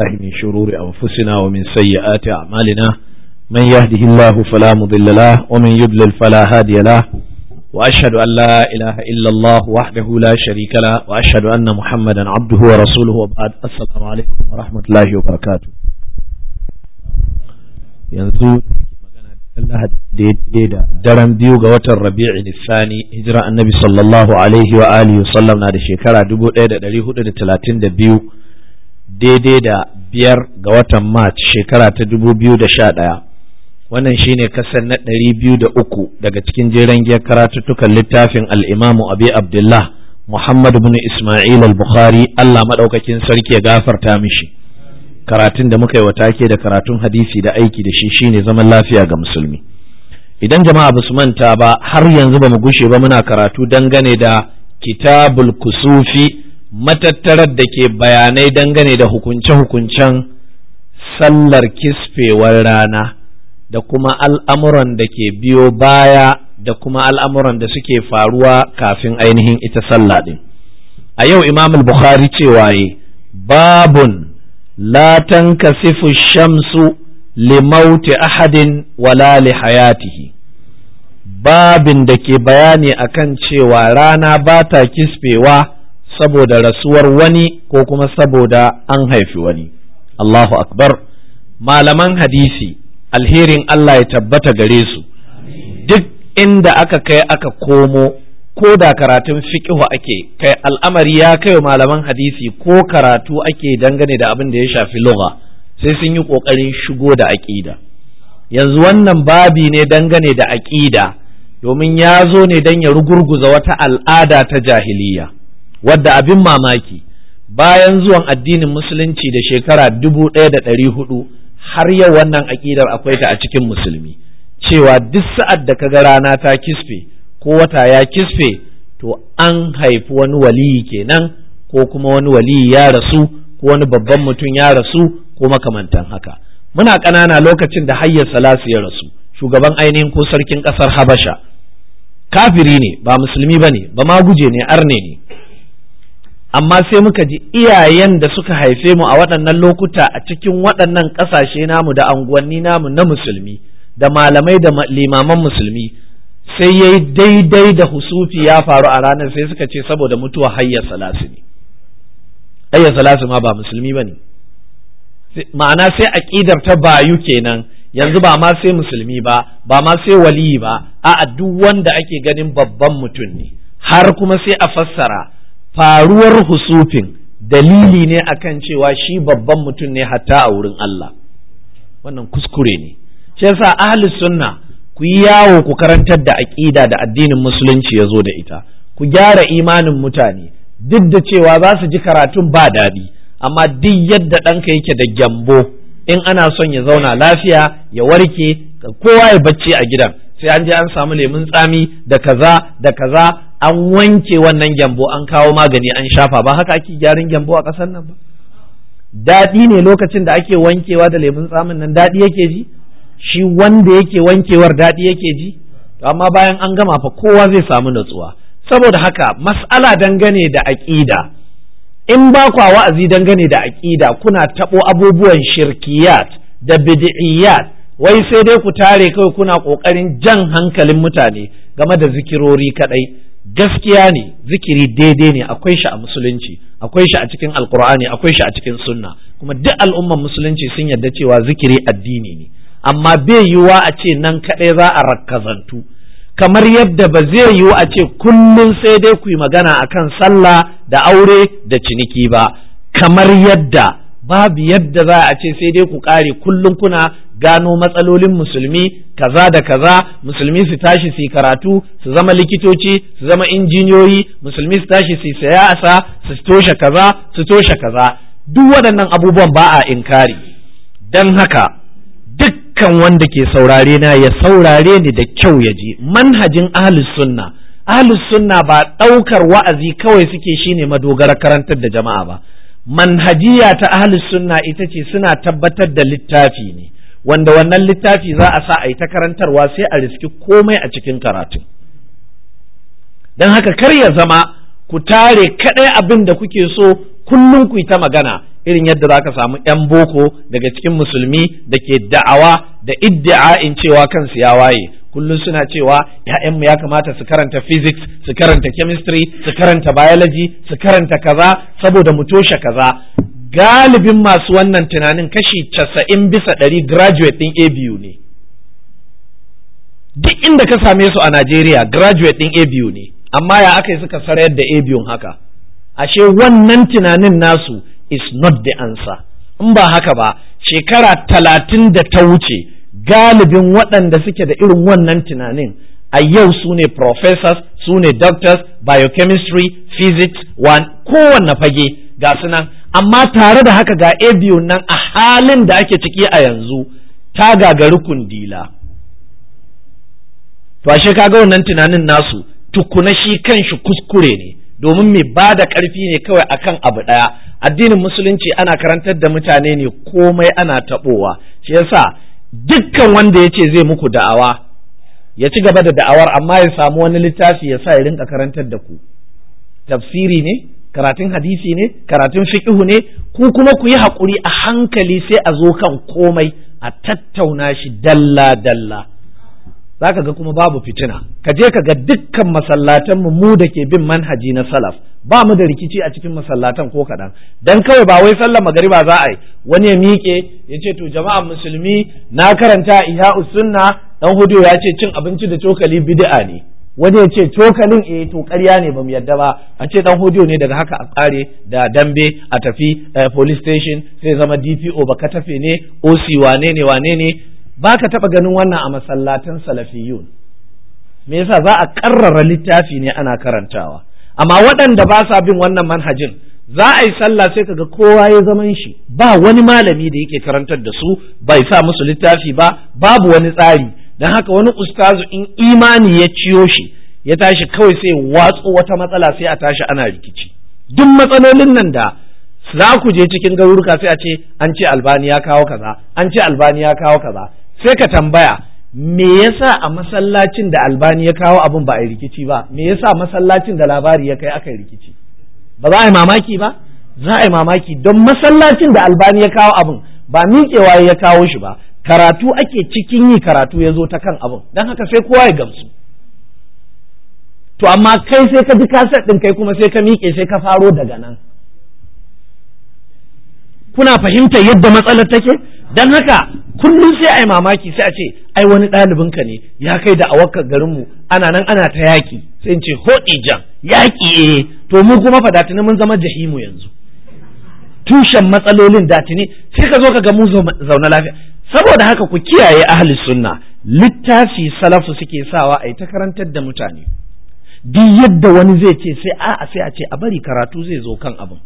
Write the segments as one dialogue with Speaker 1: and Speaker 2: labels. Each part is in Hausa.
Speaker 1: الله من شرور أنفسنا ومن سيئات أعمالنا من يهده الله فلا مضل له ومن يضلل فلا هادي له وأشهد أن لا إله إلا الله وحده لا شريك له وأشهد أن محمدا عبده ورسوله وبعد السلام عليكم ورحمة الله وبركاته yanzu Allah daidai da daren biyu ga watan Rabi'in Sani hijira annabi sallallahu alaihi wa alihi wasallam na da shekara 1432 daidai da biyar ga watan march shekara ta dubu biyu da sha ɗaya wannan shine kasar na ɗari biyu da uku daga cikin jeren giyar karatuttukan littafin al'imamu abi abdullah muhammad bin ismail al-bukhari allah maɗaukakin sarki ya gafarta mishi karatun da muka yi wa take da karatun hadisi da aiki da shi shine zaman lafiya ga musulmi idan jama'a ba su manta ba har yanzu ba mu gushe ba muna karatu dangane da kitabul kusufi matattarar da ke bayanai dangane da hukunce-hukuncen sallar kisfewar rana da kuma al'amuran da ke biyo baya da kuma al'amuran da suke faruwa kafin ainihin ita sallah ɗin. A yau Imam Bukhari cewa yi, babun latan kasifu shamsu limauti ahadin wala li hayatihi. Babin da ke bayani akan cewa rana ba ta kisfewa saboda rasuwar wani ko kuma saboda an haifi wani Allahu akbar malaman hadisi alherin Allah ya tabbata gare su duk inda aka kai aka komo ko da karatun fiqhu ake kai al'amari ya kai malaman hadisi ko karatu ake dangane da abin da ya shafi lugha sai sun yi ƙoƙarin shigo da aƙida. yanzu wannan babi ne dangane da aƙida domin ya zo ne don ya rugurguza wata al'ada ta jahiliya wadda abin mamaki bayan zuwan addinin musulunci da shekara dubu ɗaya da ɗari hudu har yau wannan aƙidar akwai ta a cikin musulmi cewa duk sa'ad da kaga rana ta kisfe ko wata ya kisfe to an haifi wani waliyi kenan ko kuma wani waliyi ya rasu ko wani babban mutum ya rasu ko makamantan haka muna ƙanana lokacin da hayyar salasu ya rasu shugaban ainihin ko sarkin ƙasar habasha kafiri ne ba musulmi ba ne ba ma guje ne arne ne amma sai muka ji iyayen da suka haife mu a waɗannan lokuta a cikin waɗannan ƙasashe namu da anguwanni namu na musulmi da malamai da limaman musulmi sai ya yi daidai da husufi ya faru a ranar sai suka ce saboda mutuwa hayyar salasu ne hayyar salasu ma ba musulmi ba ne ma'ana sai aƙidar ta bayu kenan yanzu ba ma sai musulmi ba ba ma sai waliyi ba a'a duk wanda ake ganin babban mutum ne har kuma sai a fassara faruwar husufin dalili ne akan cewa shi babban mutum ne hatta a wurin Allah wannan kuskure ne shi yasa ahli sunna ku yi yawo ku karantar da aƙida da addinin musulunci ya zo da ita ku gyara imanin mutane duk da cewa za su ji karatun ba daɗi amma duk yadda ɗanka yake da gyambo in ana son ya zauna lafiya ya warke kowa ya bacci a gidan sai an je an samu lemun tsami da kaza da kaza an wanke wannan gyambo an kawo magani an shafa ba haka ake gyaran gyambo a ƙasar nan ba daɗi ne lokacin da ake wankewa da lemun tsamin nan daɗi yake ji shi wanda yake wankewar daɗi yake ji amma bayan an gama fa kowa zai samu natsuwa saboda haka mas'ala dangane da aƙida in ba kwa wa'azi dangane da aƙida kuna taɓo abubuwan shirkiyat da bid'iyat wai sai dai ku tare kawai kuna ƙoƙarin jan hankalin mutane game da zikirori kaɗai gaskiya ne zikiri daidai ne akwai shi a musulunci akwai shi a cikin alkur'ani akwai shi a cikin sunna kuma duk al'umman musulunci sun yarda cewa zikiri addini ne amma bai yiwuwa a ce nan kaɗai za a rakkazantu kamar yadda ba zai yiwu a ce kullum sai dai ku yi magana akan sallah da aure da ciniki ba kamar yadda babu yadda za a ce sai dai ku ƙare kullum kuna gano matsalolin musulmi kaza da kaza musulmi su tashi su karatu su zama likitoci su zama injiniyoyi musulmi su tashi su siyasa su toshe kaza su toshe kaza duk waɗannan abubuwan ba a inkari don haka dukkan wanda ke saurare na ya saurare ni da kyau ya ji manhajin ahlus sunna ahlus sunna ba ɗaukar wa'azi kawai suke shine madogara karantar da jama'a ba manhajiya ta ahlus sunna ita ce suna tabbatar da littafi ne wanda wannan littafi za a sa a yi ta karantarwa sai a riski komai a cikin karatu don haka kar ya zama ku tare kaɗai abin da kuke so kullum ku yi ta magana irin yadda za ka samu 'yan boko daga cikin musulmi da ke da'awa da iddia'in cewa kansu ya waye kullum suna cewa ‘ya'yanmu ya kamata su karanta physics su karanta chemistry su karanta biology su karanta kaza saboda mu toshe kaza galibin masu wannan tunanin kashi casa'in bisa ɗari graduate ɗin abu ne duk inda ka same su a najeriya graduate ɗin abu ne amma ya aka yi suka sarayar da abu haka ashe wannan tunanin nasu is not the answer in ba haka ba shekara talatin da ta wuce galibin waɗanda suke da irin wannan tunanin a yau su ne professors su ne doctors biochemistry physics one kowanne fage ga nan. amma tare da haka ga biyun nan a halin da ake ciki a yanzu ta gagari kundila to ashe ga wannan tunanin nasu tukuna shi kanshi kuskure ne domin mai ba da ƙarfi ne kawai akan abu ɗaya addinin musulunci ana karantar da mutane ne komai ana taɓowa shi yasa dukkan wanda ya ce zai muku da'awa ya ci gaba da da'awar amma ya samu wani littafi ya sa ya rinka karantar da ku tafsiri ne karatun hadisi ne karatun fiqhu ne ku kuma ku yi haƙuri a hankali sai a zo kan komai a tattauna shi dalla dalla zaka ga kuma babu fitina ka je ka ga dukkan masallatan mu da ke bin manhaji na salaf ba mu da rikici a cikin masallatan ko kaɗan dan kawai ba wai sallar magariba za a yi wani ya miƙe ya ce to jama'a musulmi na karanta iya sunna dan hudu ya ce cin abinci da cokali bid'a ne wani ya ce cokalin eh to ƙarya ne ba mu yadda ba a ce dan hodiyo ne daga haka a tsare da dambe a tafi eh, police station sai zama DPO ba ka tafe ne OC wane ne wane ne ba ka taɓa ganin wannan a masallatan salafiyun me yasa za a ƙarrara littafi ne ana karantawa amma waɗanda ba sa bin wannan manhajin za a yi sallah sai kaga kowa ya zaman shi ba wani malami da yake karantar da su bai sa musu littafi ba babu wani tsari don haka wani ustazu in imani ya ciyo shi ya tashi kawai sai watsu wata matsala sai a tashi ana rikici duk matsalolin nan da za ku je cikin garuruka sai a ce an ce albani ya kawo kaza an ce albani ya kawo kaza sai ka tambaya me yasa a masallacin da albani ya kawo abin ba a rikici ba me yasa masallacin da labari ya kai aka yi rikici ba za a yi mamaki ba za a yi mamaki don masallacin da albani ya kawo abin ba miƙewa ya kawo shi ba karatu ake cikin yi karatu ya zo ta kan abin don haka sai kowa ya gamsu to amma kai sai ka ji kaset ɗin kai kuma sai ka miƙe sai ka faro daga nan kuna fahimtar yadda matsalar take don haka kullum sai a yi mamaki sai a ce ai wani ɗalibin ka ne ya kai da awakar garinmu ana nan ana ta yaƙi sai in ce hoɗi jan yaƙi eh to mu kuma fa mun zama jahimu yanzu tushen matsalolin datini sai ka zo ka ga mu zaune lafiya saboda haka ku kiyaye ahli sunna littafi salafu suke sawa a ta karantar da mutane duk yadda wani zai ce sai a sai a ce a bari karatu zai zo kan abin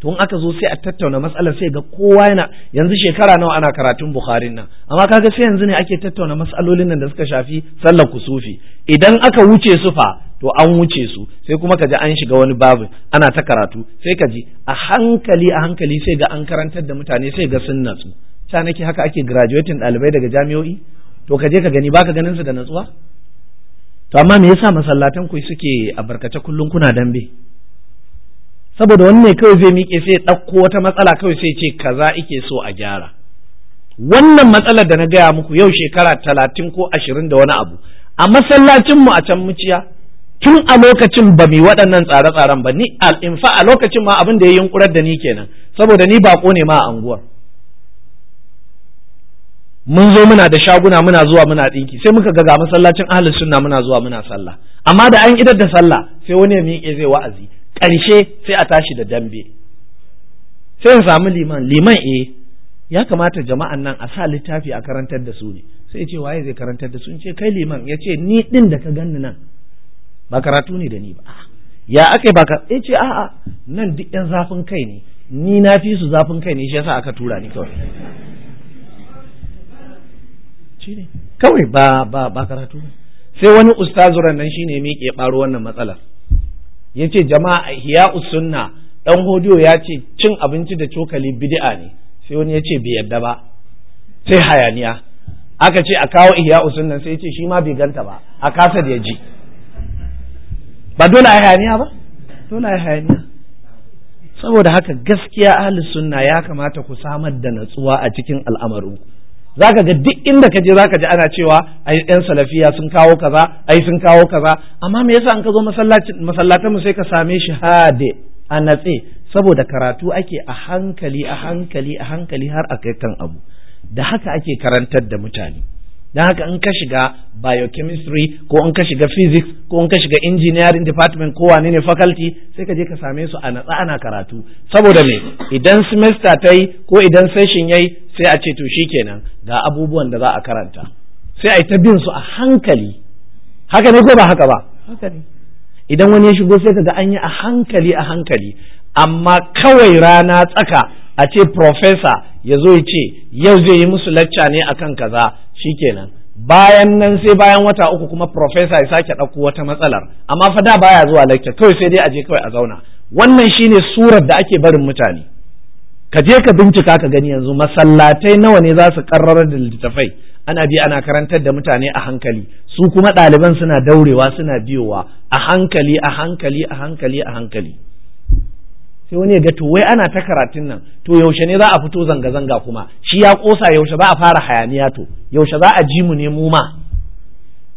Speaker 1: tun aka zo sai a tattauna matsalar sai ga kowa yana yanzu shekara nawa ana karatun bukharin nan amma kaga sai yanzu ne ake tattauna matsalolin nan da suka shafi sallar kusufi idan aka wuce su fa to an wuce su sai kuma kaji an shiga wani babu ana ta karatu sai kaji a hankali a hankali sai ga an karantar da mutane sai ga sunna su. sa nake haka ake graduating ɗalibai daga jami'o'i to ka je ka gani baka ganin su da natsuwa to amma me yasa masallatan ku suke a barkace kullun kuna dambe saboda wani ne kawai zai miƙe sai ɗauko wata matsala kawai sai ce kaza ike so a gyara wannan matsalar da na gaya muku yau shekara talatin ko ashirin da wani abu a masallacinmu a can muciya tun a lokacin ba mu waɗannan tsare-tsaren ba ni al'infa a lokacin ma abin da ya yunkurar da ni kenan saboda ni baƙo ne ma a anguwar mun zo muna da shaguna muna zuwa muna dinki sai muka ga ga masallacin ahlus sunna muna zuwa muna sallah amma da an idar da sallah sai wani ya miƙe zai wa'azi ƙarshe sai a tashi da dambe sai ya samu liman liman eh ya kamata jama'an nan a sa littafi a karantar da su ne sai ce waye zai karantar da su in ce kai liman ya ce ni din da ka ganni nan ba karatu ne da ni ba ya ake ba ka ya ce a'a nan duk yan zafin kai ne ni na fi su zafin kai ne shi yasa aka tura ni kawai kawai ba ba ba karatu sai wani ustazuran nan shine miƙe ɓaro wannan matsalar yace jama'a hiya usunna dan hodiyo ya ce cin abinci da cokali bid'a ne sai wani yace bai yadda ba sai hayaniya aka ce a kawo ihya usunnan sai yace shi ma bai ganta ba a kasa ya ji ba dole a hayaniya ba dole a hayaniya saboda haka gaskiya ahli sunna ya kamata ku samar da natsuwa a cikin al'amarinku zaka ga duk inda ka je zaka ji ana cewa ai yan salafiya sun kawo kaza ai sun kawo kaza amma me yasa an ka zo masallacin masallatan mu sai ka same shi hade a natse saboda karatu ake a hankali a hankali a hankali har a kai kan abu da haka ake karantar da mutane dan haka in ka shiga biochemistry ko in ka shiga physics ko in ka shiga engineering department ko wane ne faculty sai ka je ka same su a natsa ana karatu saboda me idan semester ta yi ko idan session yayi sai a ce to kenan ga abubuwan da za a karanta sai a yi ta bin su a hankali haka ne ko ba haka ba haka ne idan wani ya shigo sai kaga an yi a hankali a hankali amma kawai rana tsaka a ce profesa ya zo ya ce yau zai yi musu lacca ne a kan kaza shikenan bayan nan sai bayan wata uku kuma profesa ya sake ɗauko wata matsalar amma fa da baya zuwa lacca kawai sai dai a je kawai a zauna wannan shine surar da ake barin mutane ka je ka bincika ka gani yanzu masallatai nawa ne za su karrar da littattafai ana bi ana karantar da mutane a hankali su kuma ɗaliban suna daurewa suna biyowa a hankali a hankali a hankali a hankali sai wani ya ga to wai ana ta karatun nan to yaushe ne za a fito zanga-zanga kuma shi ya ƙosa yaushe za a fara hayaniya to yaushe za a ji mu ne mu ma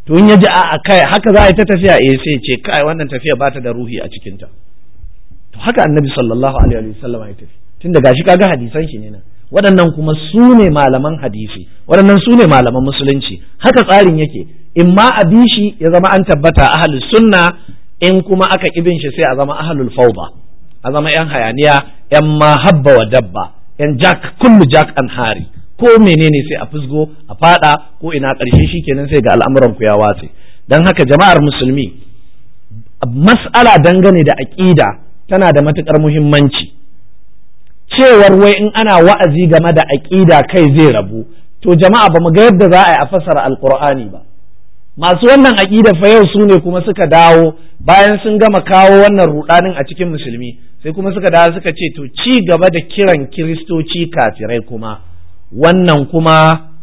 Speaker 1: to in ya ji a kai haka za a yi ta tafiya eh sai ce kai wannan tafiya ba ta da ruhi a cikinta to haka annabi sallallahu alaihi wasallam ya tafi da gashi kaga hadisan shi ne nan waɗannan kuma su ne malaman hadisi waɗannan su ne malaman musulunci haka tsarin yake in ma a bi shi ya zama an tabbata ahlus sunna in kuma aka ibin shi sai a zama ahlul fauba a zama yan hayaniya yan mahabba wa dabba yan jack kullu jack an hari ko menene sai a fusgo a fada ko ina ƙarshe shi kenan sai ga al'amuran ku ya watse dan haka jama'ar musulmi mas'ala dangane da aƙida tana da matuƙar muhimmanci cewar wai in ana wa'azi game da aƙida kai zai rabu to jama'a ba mu ga yadda za a yi a fasara alƙur'ani ba masu wannan aƙida fa yau su ne kuma suka dawo bayan sun gama kawo wannan ruɗanin a cikin musulmi sai kuma suka dawo suka ce to ci gaba da kiran kiristoci kafirai kuma wannan kuma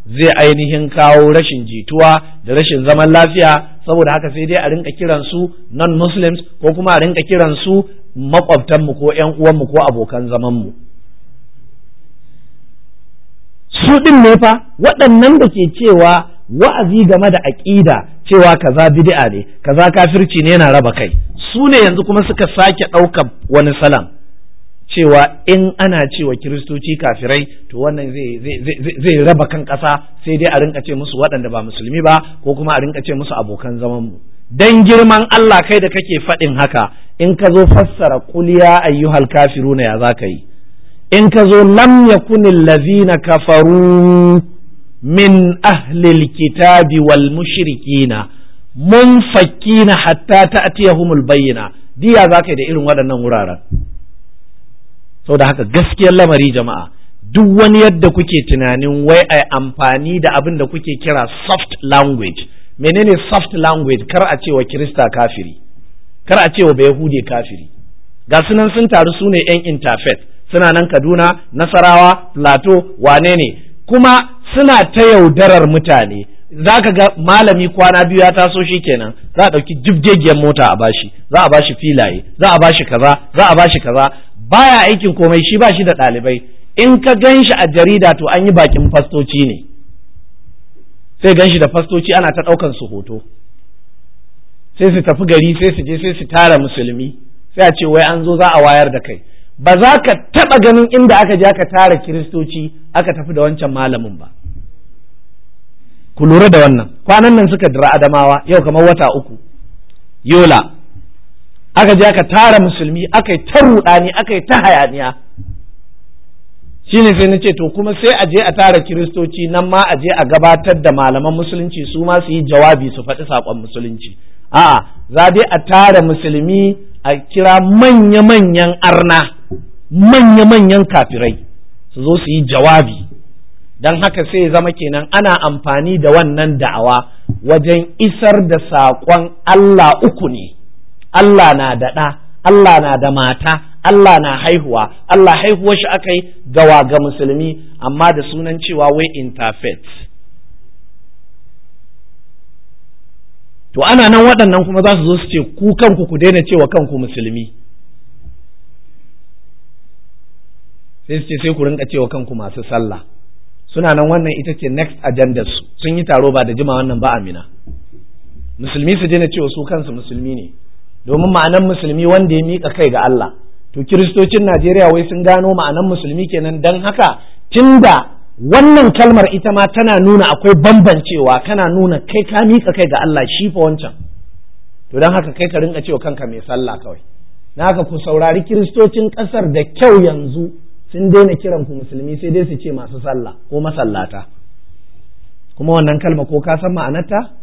Speaker 1: zai ainihin kawo rashin jituwa da rashin zaman lafiya saboda haka sai dai a rinka kiran su non muslims ko kuma a rinka kiran su makwabtanmu ko ƴan uwanmu ko abokan zamanmu su ɗin ne fa waɗannan da ke cewa wa'azi game da aƙida cewa kaza bid'a ne kaza kafirci ne yana raba kai su ne yanzu kuma suka sake ɗaukar wani salam cewa in ana cewa kiristoci kafirai to wannan zai raba kan ƙasa sai dai a rinka ce musu waɗanda ba musulmi ba ko kuma a rinka ce musu abokan zaman mu dan girman Allah kai da kake faɗin haka in ka zo fassara kuliya ayyuhal kafiruna ya za ka yi in ka zo lam yakun allazina kafaru min ahlil kitabi wal mushrikina na hatta ta humul bayyana diya yi da irin waɗannan wuraren saboda haka gaskiyar lamari jama'a duk wani yadda kuke tunanin wai yi amfani da abin da kuke kira soft language menene soft language kar a cewa kirista kafiri kar a cewa bayahudi kafiri ga sunan sun taru su ne yan interfaith suna nan kaduna nasarawa plateau wane ne kuma suna ta yaudarar mutane za ka ga malami kwana biyu ya taso shi kenan za a ɗauki jibgegiyar mota a bashi za a bashi filaye za a bashi kaza za a bashi kaza baya aikin komai shi ba shi da ɗalibai in ka gan shi a jarida to an yi bakin fastoci ne sai gan shi da fastoci ana ta ɗaukan su hoto sai su tafi gari sai su je sai su tara musulmi sai a ce wai an zo za a wayar da kai ba za ka taɓa ganin inda aka je aka tara kiristoci aka tafi da wancan malamin ba ku lura da wannan kwanan nan suka dira adamawa yau kamar wata uku yola aka je aka tara musulmi aka yi ta ruɗani aka yi ta hayaniya Shi ne sai na ce to kuma sai a je a tara kiristoci nan ma a je a gabatar da malaman musulunci su ma su yi jawabi su faɗi saƙon musulunci a'a za dai a tara musulmi a kira manya-manyan arna manya-manyan kafirai su zo su yi jawabi don haka sai zama kenan ana amfani da wannan da'awa wajen isar da saƙon Allah uku ne Allah na daɗa Allah na da mata Allah na haihuwa Allah haihuwar shi aka yi gawa ga musulmi amma da sunan cewa wai interfaith to ana nan waɗannan kuma za su zo su ce ku kanku ku daina cewa kanku musulmi sai su ce sai ku rinka cewa kanku masu sallah suna nan wannan ita ce next agenda su sun yi taro ba da jima wannan ba amina musulmi su daina cewa su kansu musulmi ne domin ma'anan musulmi wanda ya mika kai ga Allah to kiristocin Najeriya wai sun gano ma'anan musulmi kenan dan haka Tinda wannan kalmar ita ma tana nuna akwai bambancewa kana nuna kai ka miƙa kai ga Allah shi fa wancan to don haka kai ka rinka cewa kanka mai sallah kawai na haka ku saurari kiristocin ƙasar da kyau yanzu sun daina kiran ku musulmi sai dai su ce masu sallah ko masallata kuma wannan kalma ko ka san ma'anarta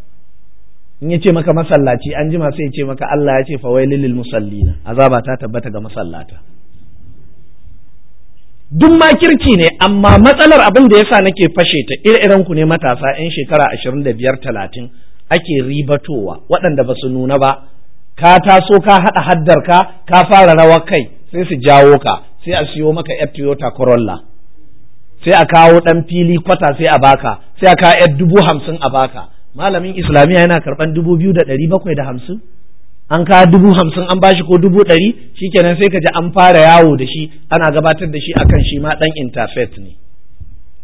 Speaker 1: in ya ce maka masallaci an jima sai ya ce maka Allah ya ce fawailil na. musallina azaba ta tabbata ga masallata duk ma kirki ne amma matsalar abin da yasa nake fashe ta ire-iren ku ne matasa yan shekara ashirin da biyar talatin ake ribatowa waɗanda ba su nuna ba ka taso ka haɗa haddarka ka fara rawar kai sai su jawo ka sai a siyo maka yar Toyota Corolla sai a kawo dan fili kwata sai a baka sai a kawo yar dubu hamsin a baka malamin islamiyya yana karban dubu biyu da ɗari bakwai da hamsin an kawo dubu hamsin an bashi ko dubu ɗari shikenan sai ka ji an fara yawo da shi ana gabatar da shi akan shi ma ɗan interfet ne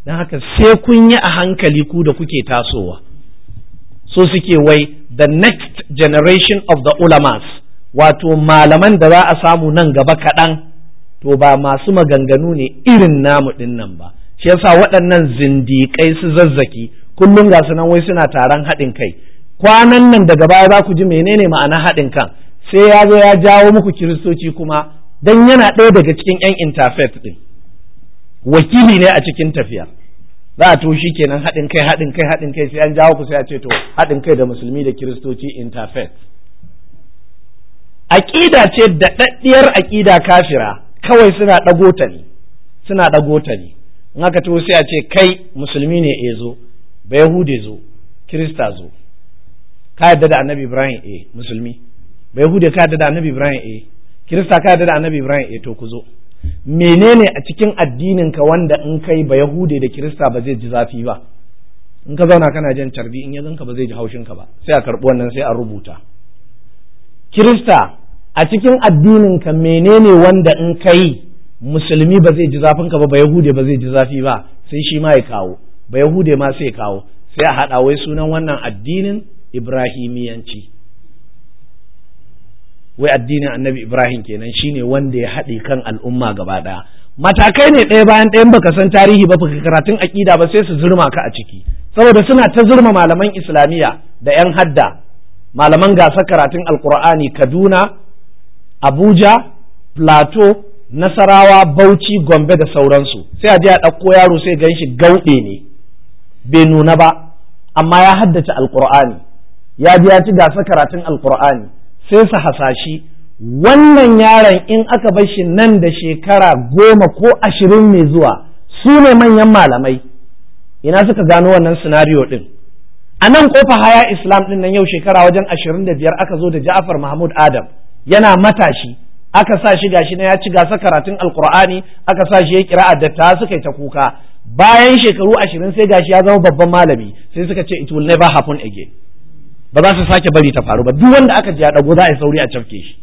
Speaker 1: don haka sai kun yi a hankali ku da kuke tasowa so suke wai the next generation of the ulamas wato malaman da za a samu nan gaba kaɗan to ba masu maganganu ne irin namu ɗin ba shi yasa waɗannan zindiƙai su zazzaki kullum ga sunan wai suna taron haɗin kai kwanan nan daga baya za ku ji menene ma'ana haɗin kan sai ya zo ya jawo muku kiristoci kuma dan yana ɗaya daga cikin 'yan interfaith ɗin wakili ne a cikin tafiya za a toshi kenan haɗin kai haɗin kai haɗin kai sai an jawo ku sai a ce to haɗin kai da musulmi da kiristoci interfaith aƙida ce da daɗaɗɗiyar aƙida kafira kawai suna ɗago ta ne suna ɗago ta ne in aka taho sai a ce kai musulmi ne e zo ba yahude zo kirista zo ka yadda da annabi ibrahim e musulmi ba yahude ka yadda da annabi ibrahim e kirista ka yadda da annabi ibrahim e to ku zo menene a cikin addinin ka wanda in kai ba yahude da kirista ba zai ji zafi ba in ka zauna kana jan carbi in ya zanka ba zai ji haushin ka ba sai a karɓi wannan sai a rubuta kirista a cikin addininka menene wanda in ka yi musulmi ba zai ji zafin ka ba ba yahude ba zai ji zafi ba sai shi ma ya kawo ba yahude ma sai ya kawo sai a haɗa wai sunan wannan addinin ibrahimiyanci wai addinin annabi ibrahim kenan shine wanda ya haɗe kan al'umma gaba ɗaya matakai ne ɗaya bayan ɗayan baka san tarihi ba baka karatun aƙida ba sai su zurma ka a ciki saboda suna ta zurma malaman islamiyya da 'yan hadda malaman gasa karatun alkur'ani kaduna abuja plateau nasarawa bauchi gombe da sauransu sai a je a ɗauko yaro sai gan shi gauɗe ne bai nuna ba amma ya haddace alkur'ani ya ji ya ci gasa karatun alkur'ani sai su hasashi wannan yaron in aka bar shi nan da shekara goma ko ashirin mai zuwa su ne manyan malamai ina suka gano wannan sinariyo din a nan kofa haya islam din nan yau shekara wajen ashirin da biyar aka zo da ja'afar mahmud adam yana matashi aka sa shi gashi na ya ci gasa karatun alkur'ani aka sa shi ya kira a datta suka yi ta kuka bayan shekaru ashirin sai gashi ya zama babban malami sai suka ce it will never happen again ba za su sake bari ta faru ba duk wanda aka ji ya dago za a yi sauri a cafke shi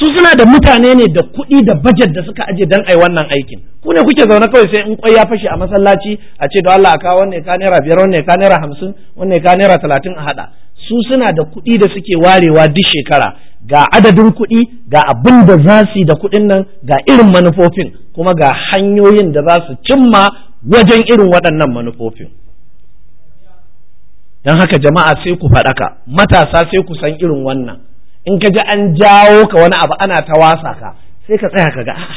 Speaker 1: su suna da mutane ne da kuɗi da bajet da suka aje dan ai wannan aikin ku ne kuke zaune kawai sai in kwai ya fashe a masallaci a ce da Allah a kawo wanne ka naira biyar wanne ka naira hamsin wanne ka naira talatin a haɗa su suna da kuɗi da suke warewa duk shekara ga adadin kuɗi ga abin da za su yi da kuɗin nan ga irin manufofin kuma ga hanyoyin da za su cimma wajen irin waɗannan manufofin don haka jama'a sai ku faɗaka matasa sai ku san irin wannan in ka ji an jawo ka wani abu ana ta wasa ka sai ka tsaya ka ga a'a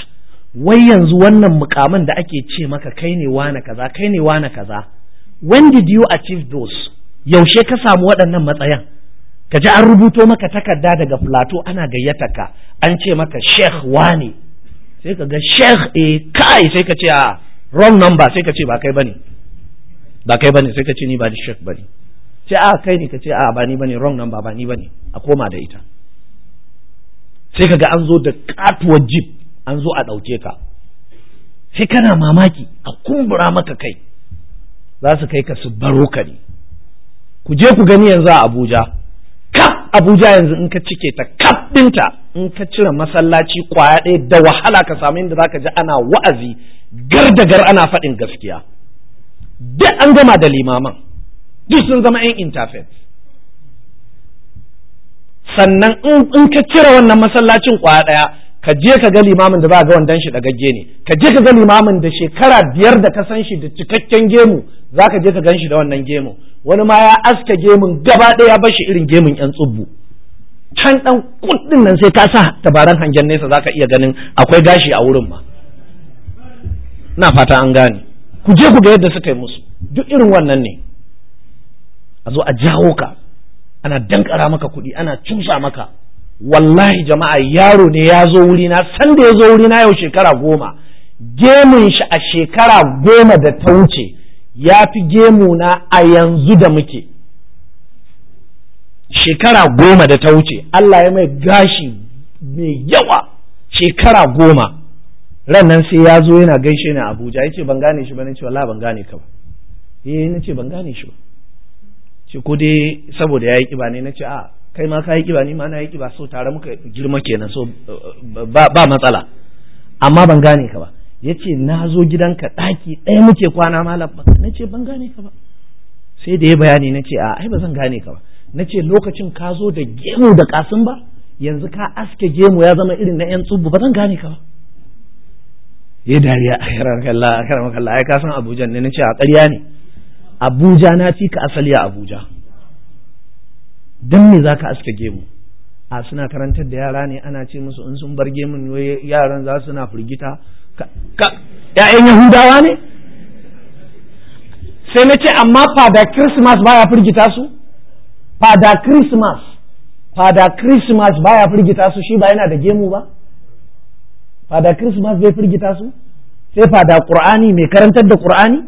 Speaker 1: wai yanzu wannan mukamin da ake ce maka kai ne wane kaza kai ne wane kaza when did you achieve those yaushe ka samu waɗannan matsayan ka ji an rubuto maka takarda daga Filato ana gayyata ka an ce maka sheikh wane sai ka ga sheikh e kai sai ka ce a ah, wrong number sai ka ce ba kai bane ba kai bane sai ka ce ni ba sheikh bane sai a ah, kai ne ka ce a ah, ba ni bane wrong number ba ni bane a koma da ita sai ka ga an zo da katuwar jeep an zo a ɗauke ka sai kana mamaki a kumbura maka kai za su kai ka su baro ka ne ku je ku gani yanzu a Abuja kaf Abuja yanzu in ka cike ta kaf dinta in ka cire masallaci kwaya ɗaya da wahala ka samu inda zaka ji ana wa'azi gar da gar ana faɗin gaskiya duk an gama da limaman duk sun zama 'yan interfaith sannan in ka cire wannan masallacin kwaya ɗaya ka je ka ga limamin da za ga wandan shi dagagge ne ka je ka ga limamin da shekara biyar da ka san shi da cikakken gemu za ka je ka gan shi da wannan gemu wani ma ya aske gemun gaba ɗaya ba shi irin gemun yan tsubbu can ɗan kuɗin nan sai ka sa tabaran hangen nesa za ka iya ganin akwai gashi a wurin ma na fata an gane ku je ku ga yadda suka yi musu duk irin wannan ne a zo a jawo ka ana dankara maka kuɗi ana cusa maka wallahi jama'a yaro ne ya zo wurina san da ya zo wurina yau shekara goma gemun shi a shekara goma da ta wuce ya fi gemuna a yanzu da muke shekara goma da ta wuce Allah ya mai gashi mai yawa shekara goma ran nan sai ya zo yana gaishe ni Abuja ya ce ban gane shi ba na ce wallahi ban gane ka ba eh na ce ban gane shi ba ce ko dai saboda ya yi kiba ne na ce a kai ma ka yi kiba ni ma na yi kiba so tare muka girma kenan so ba matsala amma ban gane ka ba yace na zo gidanka daki ɗaya muke kwana malam ba na ce ban gane ka ba sai da ya bayani na ce a ai ba zan gane ka ba na ce lokacin ka zo da gemu da kasin ba yanzu ka aske gemu ya zama irin na 'yan tsubu ba zan gane ka ba ya dariya a karamar kalla a karamar kalla ai ka san abuja ne na ce a ƙarya ne abuja na fi ka asali a abuja don me zaka aske gemu a suna karantar da yara ne ana ce musu in sun bar gemun yaran za su na firgita ‘ya'yan yahudawa ne sai na ce amma fada christmas baya firgita su fada christmas fada christmas baya firgita su shi ba yana da gemu ba fada christmas bai firgita su sai fada qur'ani mai karantar da qur'ani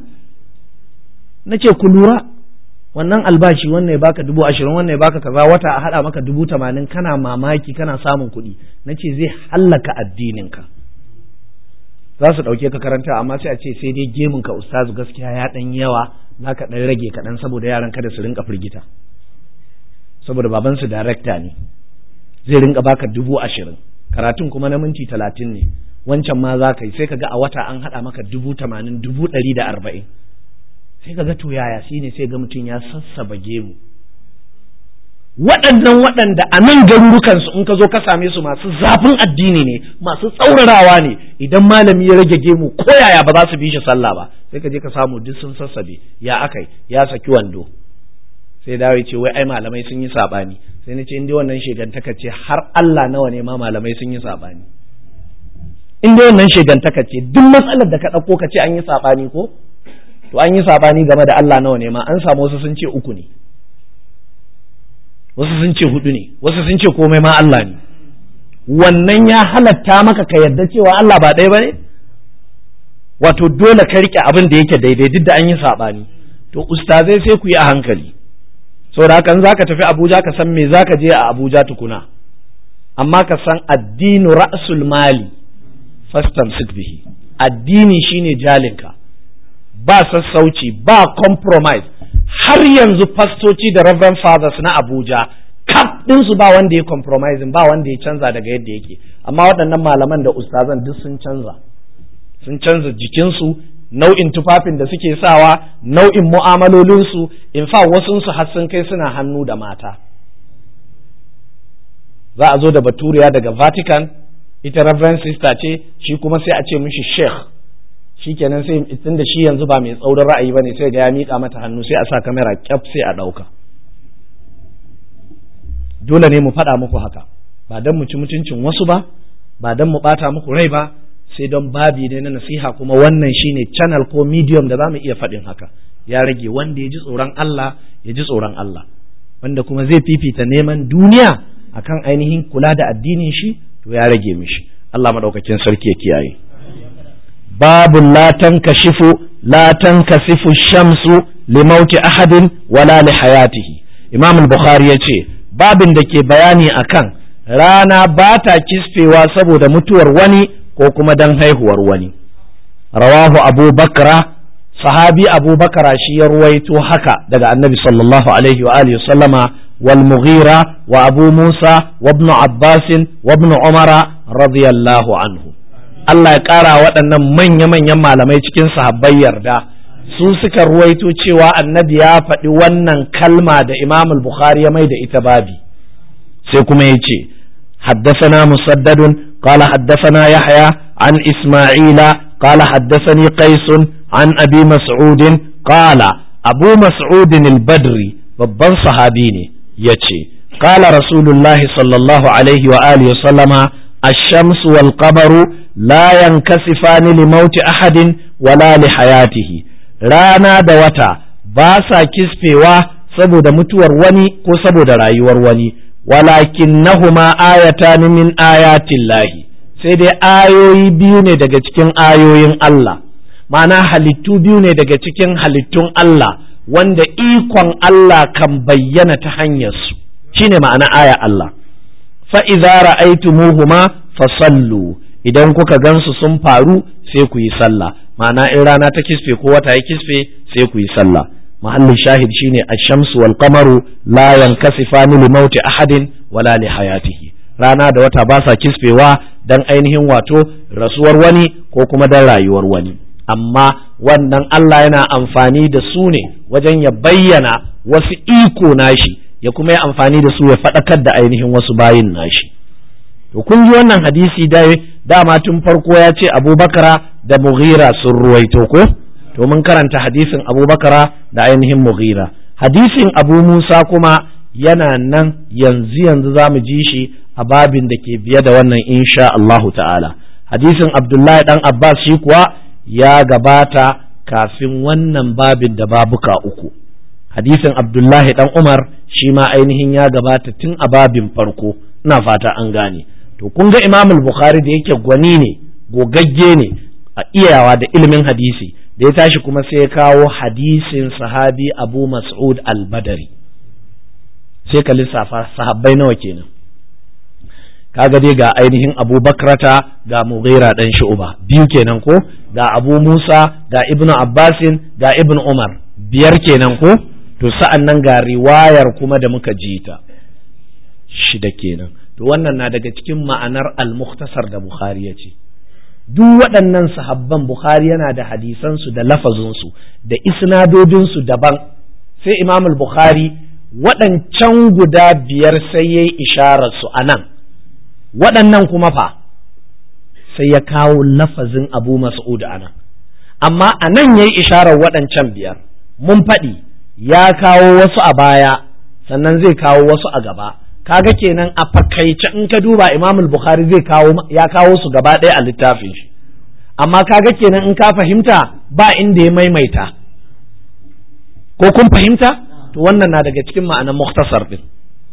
Speaker 1: na ce ku lura wannan albashi wannan ya baka dubu ashirin wannan ya baka kaza wata a haɗa maka dubu tamanin kana mamaki kana samun kuɗi na ce zai hallaka addininka za su ɗauke ka karanta amma sai a ce sai dai gemun ka ustazu gaskiya ya ɗan yawa za ka ɗan rage kaɗan saboda yaran kada su rinka firgita saboda babansu darakta ne zai rinka baka dubu ashirin karatun kuma na minti talatin ne wancan ma za ka yi sai ka ga a wata an haɗa maka dubu tamanin dubu ɗari da arba'in sai ka ga yaya yaya ne sai ga mutum ya sassaba gemu waɗannan waɗanda a nan garurukansu in ka zo ka same su masu zafin addini ne masu tsaurarawa ne idan malami ya rage gemu ko yaya ba za su bi shi sallah ba sai ka je ka samu duk sun sassabe ya akai ya saki wando sai dawo ce wai ai malamai sun yi sabani sai na ce inda wannan shegantaka ce har Allah nawa ne ma malamai sun yi sabani inda wannan shegantaka ce duk matsalar da ka ɗauko ka ce an yi saɓani ko to an yi sabani game da Allah nawa ne ma an samu wasu sun ce uku ne wasu sun ce hudu ne wasu sun ce komai ma Allah ne wannan ya halatta maka ka yarda cewa Allah ba ɗaya bane wato dole ka rike abin da yake daidai duk da an yi sabani to ustazai sai ku yi a hankali saboda haka zaka tafi Abuja ka san me zaka je a Abuja tukuna amma ka san addinu ra'sul mali fastamsik bihi addini shine jalinka ba sassauci ba compromise har yanzu fastoci da reverend fathers na abuja kaf ɗinsu ba wanda ya compromising ba wanda ya canza daga yadda yake amma waɗannan malaman da ustazan duk sun canza sun canza jikinsu nau'in tufafin da suke sawa nau'in mu'amalolinsu in fa wasunsu har sun kai suna hannu da mata za a zo da baturiya daga vatican ita reverend sister ce shi kuma sai a ce mishi sheikh shikenan sai tunda shi yanzu ba mai tsaurin ra'ayi bane sai ga ya miƙa mata hannu sai a sa kamera kyaf sai a ɗauka dole ne mu faɗa muku haka ba don mu ci mutuncin wasu ba ba don mu bata muku rai ba sai don babi ne na nasiha kuma wannan shine channel ko medium da za mu iya faɗin haka ya rage wanda ya ji tsoron Allah ya ji tsoron Allah wanda kuma zai fifita neman duniya akan ainihin kula da addinin shi to ya rage mishi Allah madaukakin sarki ya kiyaye babu latan kashifu latan kasifu shamsu limauki ahadin wala li hayatihi imam al ce yace babin da ke bayani akan rana bata ta saboda mutuwar wani ko kuma dan haihuwar wani rawahu abu bakra sahabi abu shi ya ruwaito haka daga annabi sallallahu alaihi wa alihi sallama wal mughira abu musa wa ibn abbas wa ibn umara radiyallahu anhu Allah ya ƙara waɗannan manya-manyan malamai cikin sahabbai yarda su suka ruwaito cewa annabi ya faɗi wannan kalma da imam bukhari ya mai da ita babi sai kuma ya ce haddasana musaddadun qala haddasana yahya an isma'ila qala haddasani qaisun an abi mas'udin qala abu mas'udin al-badri babban sahabi ne yace qala rasulullahi sallallahu alaihi wa alihi wa sallama A الشمس والقمر لا ينكسفان لموت أحد Rana da wata ba sa كسفوا saboda mutuwar wani ko saboda rayuwar wani walakinnahuma ayatan min aya, lahi sai dai ayoyi biyu ne daga cikin ayoyin Allah ma'ana halittu biyu ne daga cikin halittun Allah wanda ikon Allah kan bayyana ta hanyar hanyarsu shine ma'ana aya Allah fa idza ra'aytumuhuma fasallu idan kuka gansu sun faru sai ku yi sallah ma'ana in rana ta kisfe ko wata ya kisfe sai ku yi sallah mahallin shahid shine ash-shamsu wal qamaru la yankasifani li mauti ahadin wala li hayatihi rana da wata ba sa kisfewa dan ainihin wato rasuwar wani ko kuma dan rayuwar wani amma wannan Allah yana amfani da su ne wajen ya bayyana wasu iko nashi ya kuma yi amfani da su ya faɗakar da ainihin wasu bayin nashi to kun ji wannan hadisi dai dama tun farko ya ce abubakara da mughira sun ruwaito ko to mun karanta hadisin abubakara da ainihin mughira hadisin abu musa kuma yana nan yanzu yanzu za mu ji shi a babin da ke biye da wannan insha Allahu ta'ala hadisin abdullahi dan abbas shi kuwa ya gabata kafin wannan babin da babuka uku hadisin abdullahi dan umar shi ma ainihin ya gabata tun a babin farko na fata an gane to kun ga imam bukhari da yake gwani ne gogagge ne a iyawa da ilimin hadisi da ya tashi kuma sai ya kawo hadisin sahabi abu mas'ud al-badari sai ka lissafa sahabbai nawa kenan kaga dai ga ainihin abu bakrata ga mughira dan shu'ba biyu kenan ko ga abu musa ga ibnu abbasin ga ibnu umar biyar kenan ko to sa'an nan ga riwayar kuma da muka ji ta shida kenan to wannan na daga cikin ma'anar al-mukhtasar da bukhari ya ce duk waɗannan sahabban bukhari yana da hadisansu da lafazinsu da isnadodinsu daban sai imam al-bukhari waɗancan guda biyar sai ya yi su a waɗannan kuma fa sai ya kawo lafazin abu mas'ud anan, amma a nan ya yi isharar waɗancan biyar mun faɗi ya kawo wasu a baya sannan zai kawo wasu a gaba kaga kenan a fakaice in ka duba Imam Bukhari zai kawo ya kawo su gaba ɗaya a littafin shi amma kaga kenan in ka fahimta ba inda ya maimaita ko kun fahimta to wannan na daga cikin ma'anar muktasar din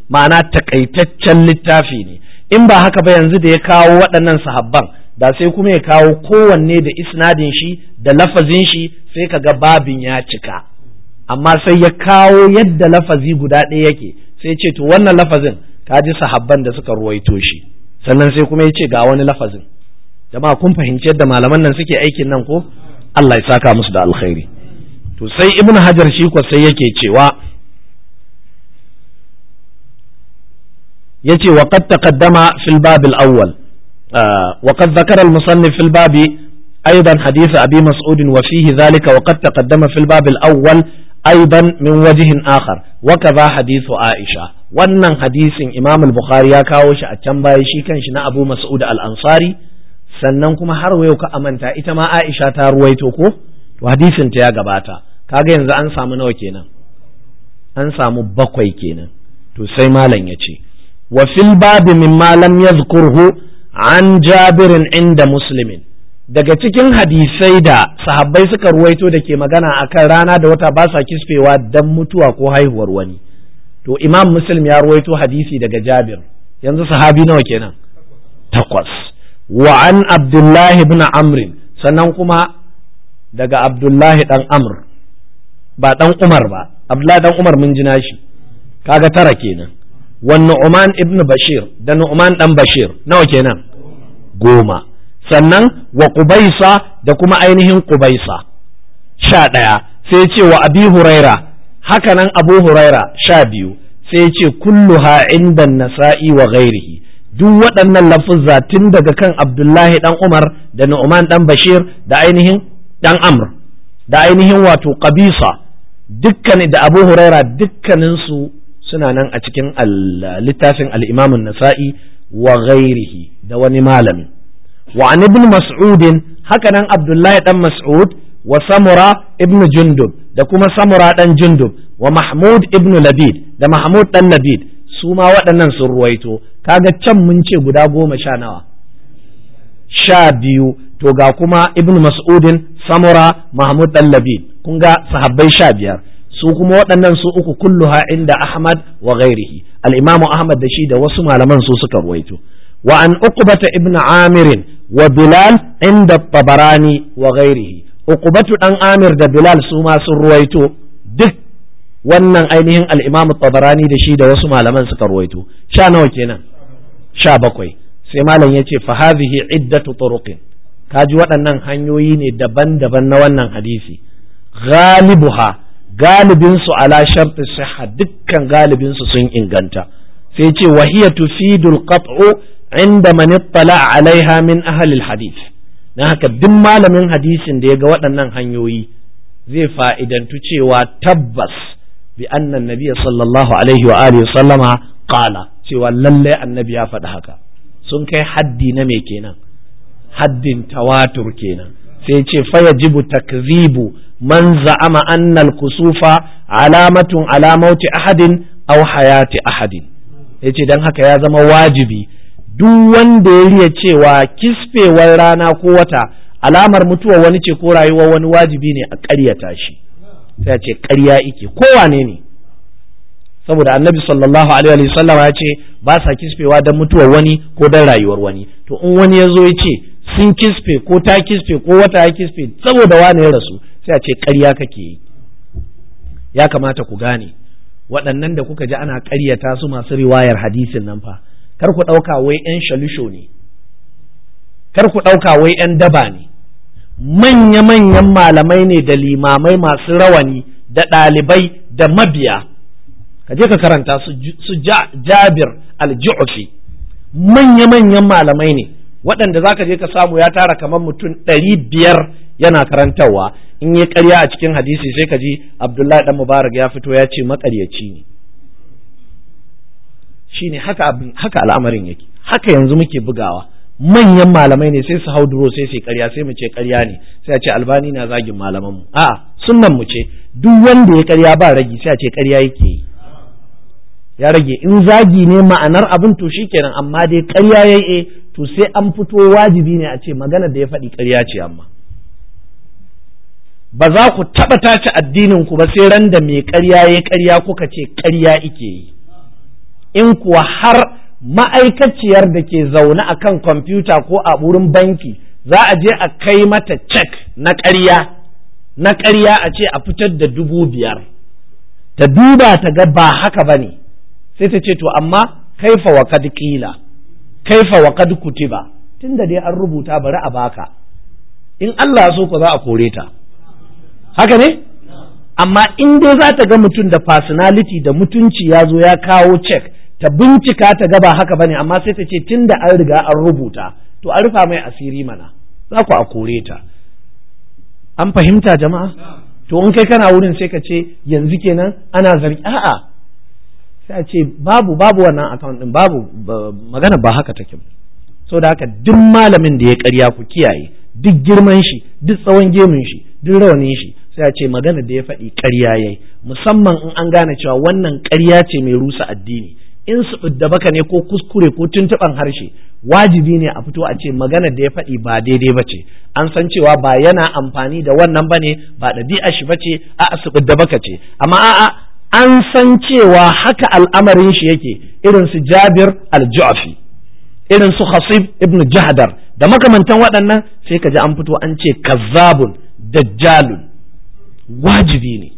Speaker 1: ma'ana takaitaccen littafi ne in ba haka ba yanzu da ya kawo waɗannan sahabban da sai kuma ya kawo kowanne da isnadin shi da lafazin shi sai kaga babin ya cika amma sai ya kawo yadda lafazi guda ɗaya yake sai ce to wannan lafazin ka ji sahabban da suka ruwaito shi sannan sai kuma ya ce ga wani lafazin jama'a kun fahimci yadda malaman nan suke aikin nan ko Allah ya saka musu da alkhairi to sai ibnu hajar shi ko sai yake cewa yace wa qad taqaddama fil bab al awwal wa qad dhakara al musannif fil bab ايضا حديث ابي مسعود وفيه ذلك وقد تقدم في الباب الاول aiban min wajihin akhar wa kaza hadithu aisha wannan hadisin imam al-bukhari ya kawo shi a can baya shi kanshi na abu mas'ud al-ansari sannan kuma har wayo ka amanta ita ma aisha ta ruwaito ko to hadisin ta ya gabata kaga yanzu an samu nawa kenan an samu bakwai kenan to sai malam ya ce wa fil babi mimma lam yazkurhu an jabirin inda muslimin daga cikin hadisai da sahabbai suka ruwaito da ke magana a akan rana da wata ba sa kisfewa dan mutuwa ko haihuwar wani to imam muslim ya ruwaito hadisi daga jabir yanzu sahabi nawa kenan takwas wa an abdullahi ibn amrin sannan kuma daga abdullahi dan amr ba dan umar ba abdullahi dan umar mun jina shi kaga tara kenan wa nu'man ibn bashir da nu'man dan bashir nawa kenan goma sannan wa qubaisa da kuma ainihin ƙubaisa sha ɗaya sai ce wa abi huraira hakanan abu huraira sha biyu sai ce kulluha inda nasa'i wa ghairihi duk waɗannan lafuzza tun daga kan abdullahi dan umar da nu'man dan bashir da ainihin dan amr da ainihin wato kabisa dukkan da abu huraira dukkaninsu suna nan a cikin littafin al'imamun nasa'i wa ghairihi da wani malami wa an ibn mas'ud haka nan abdullahi dan mas'ud wa samura ibnu jundub da kuma samura dan jundub wa mahmud ibnu labid da mahmud dan labid su ma waɗannan su ruwaito kaga can mun ce guda goma sha nawa sha biyu to ga kuma ibnu mas'udin samura mahmud dan labid kunga ga sahabbai sha biyar su kuma waɗannan su uku kulluha inda Ahmad wa ghairihi al-Imam Ahmad da shi da wasu malaman su suka ruwaito wa an Uqbata ibn Amir wa bilal inda tabarani wa ghairihi uqubatu dan amir da bilal su ma sun ruwaito duk wannan ainihin al-imam tabarani da shi da wasu malaman suka ruwaito sha nawa kenan sha bakwai sai malam yace fa hadhihi iddatu turuqin kaji waɗannan hanyoyi ne daban-daban na wannan hadisi galibuha galibinsu ala sharti sihha dukkan galibinsu sun inganta sai ce wahiyatu fidul qat'u inda man a alaiha min ahli hadith na haka duk malamin hadisin da ya ga waɗannan hanyoyi zai fa'idantu cewa tabbas bi annan nabiy sallallahu alaihi wa alihi sallama qala cewa lalle annabi ya faɗi haka sun kai haddi na me kenan haddin tawatur kenan sai ce jibu takzibu man za'ama annal kusufa alamatun alamauti ahadin au hayati ahadin yace dan haka ya zama wajibi duk wanda ya riya cewa kisfewar rana ko wata alamar mutuwar wani ce ko rayuwar wani wajibi ne a ƙaryata shi sai ce ƙarya ike kowane ne saboda annabi sallallahu alaihi wa sallam ya ce ba sa kisfewa don mutuwar wani ko don rayuwar wani to in wani ya zo ya ce sun kisfe ko ta kisfe ko wata ya kisfe saboda wani ya rasu sai a ce ƙarya kake yi ya kamata ku gane waɗannan da kuka ji ana ƙaryata su masu riwayar hadisin nan fa kar ku ɗauka wai 'yan shalisho ne kar ku ɗauka wai 'yan daba ne manya-manyan malamai ne da limamai masu rawani da ɗalibai da mabiya ka je ka karanta su jabir al manya-manyan malamai ne waɗanda za ka je ka samu ya tara kamar mutum ɗari biyar yana karantarwa in yi karya a cikin hadisi sai ka ji abdullahi ɗan mubarak ya fito ya ce maƙaryaci ne Shi ne haka al'amarin yake haka yanzu muke bugawa manyan malamai ne sai su hau duro sai su ƙarya sai mu ce ƙarya ne sai a ce albani na zagin malaman mu a'a sunan mu ce duk wanda ya ƙarya ba ragi sai a ce ƙarya yake yi ya rage in zagi ne ma'anar abin to shikenan amma dai ƙarya yayi eh to sai an fito wajibi ne a ce magana da ya faɗi ƙarya ce amma ba za ku taɓa tace addinin ku ba sai randa mai ƙarya ya ƙarya kuka ce ƙarya ike yi in kuwa har ma'aikaciyar da ke zaune a kan kwamfuta ko a wurin banki za a je a kai mata cek na ƙarya na ƙarya a ce a fitar da dubu biyar ta duba ta ga ba haka ba ne sai ta ce to amma kaifa wa kad kila kaifa wa kad kutiba da dai an rubuta bari a baka in Allah so ku za a kore ta haka ne amma in dai za ta ga mutum da personality da mutunci ya zo ya kawo cek ta bincika ta gaba haka bane amma sai ta ce da an riga an rubuta to an rufa mai asiri mana za ku a kore ta an fahimta jama'a to in kai kana wurin sai ka ce yanzu kenan ana zargi a'a sai a ce babu babu wannan account din babu magana ba haka take ba da haka duk malamin da ya karya ku kiyaye duk girman shi duk tsawon gemun shi duk rawanin shi sai a ce magana da ya faɗi ƙarya yayi musamman in an gane cewa wannan ƙarya ce mai rusa addini in su baka ne ko kuskure ko tuntuban harshe wajibi ne a fito a ce magana da ya faɗi ba daidai ba ce an san cewa ba yana amfani da wannan ba ne ba ɗabi'a shi ba ce a su baka ce amma a'a an san cewa haka al'amarin shi yake irin su jabir al-ju'afi irin su hasib ibn Jahadar, da makamantan waɗannan sai ka ji an fito an ce kazzabun dajjalun wajibi ne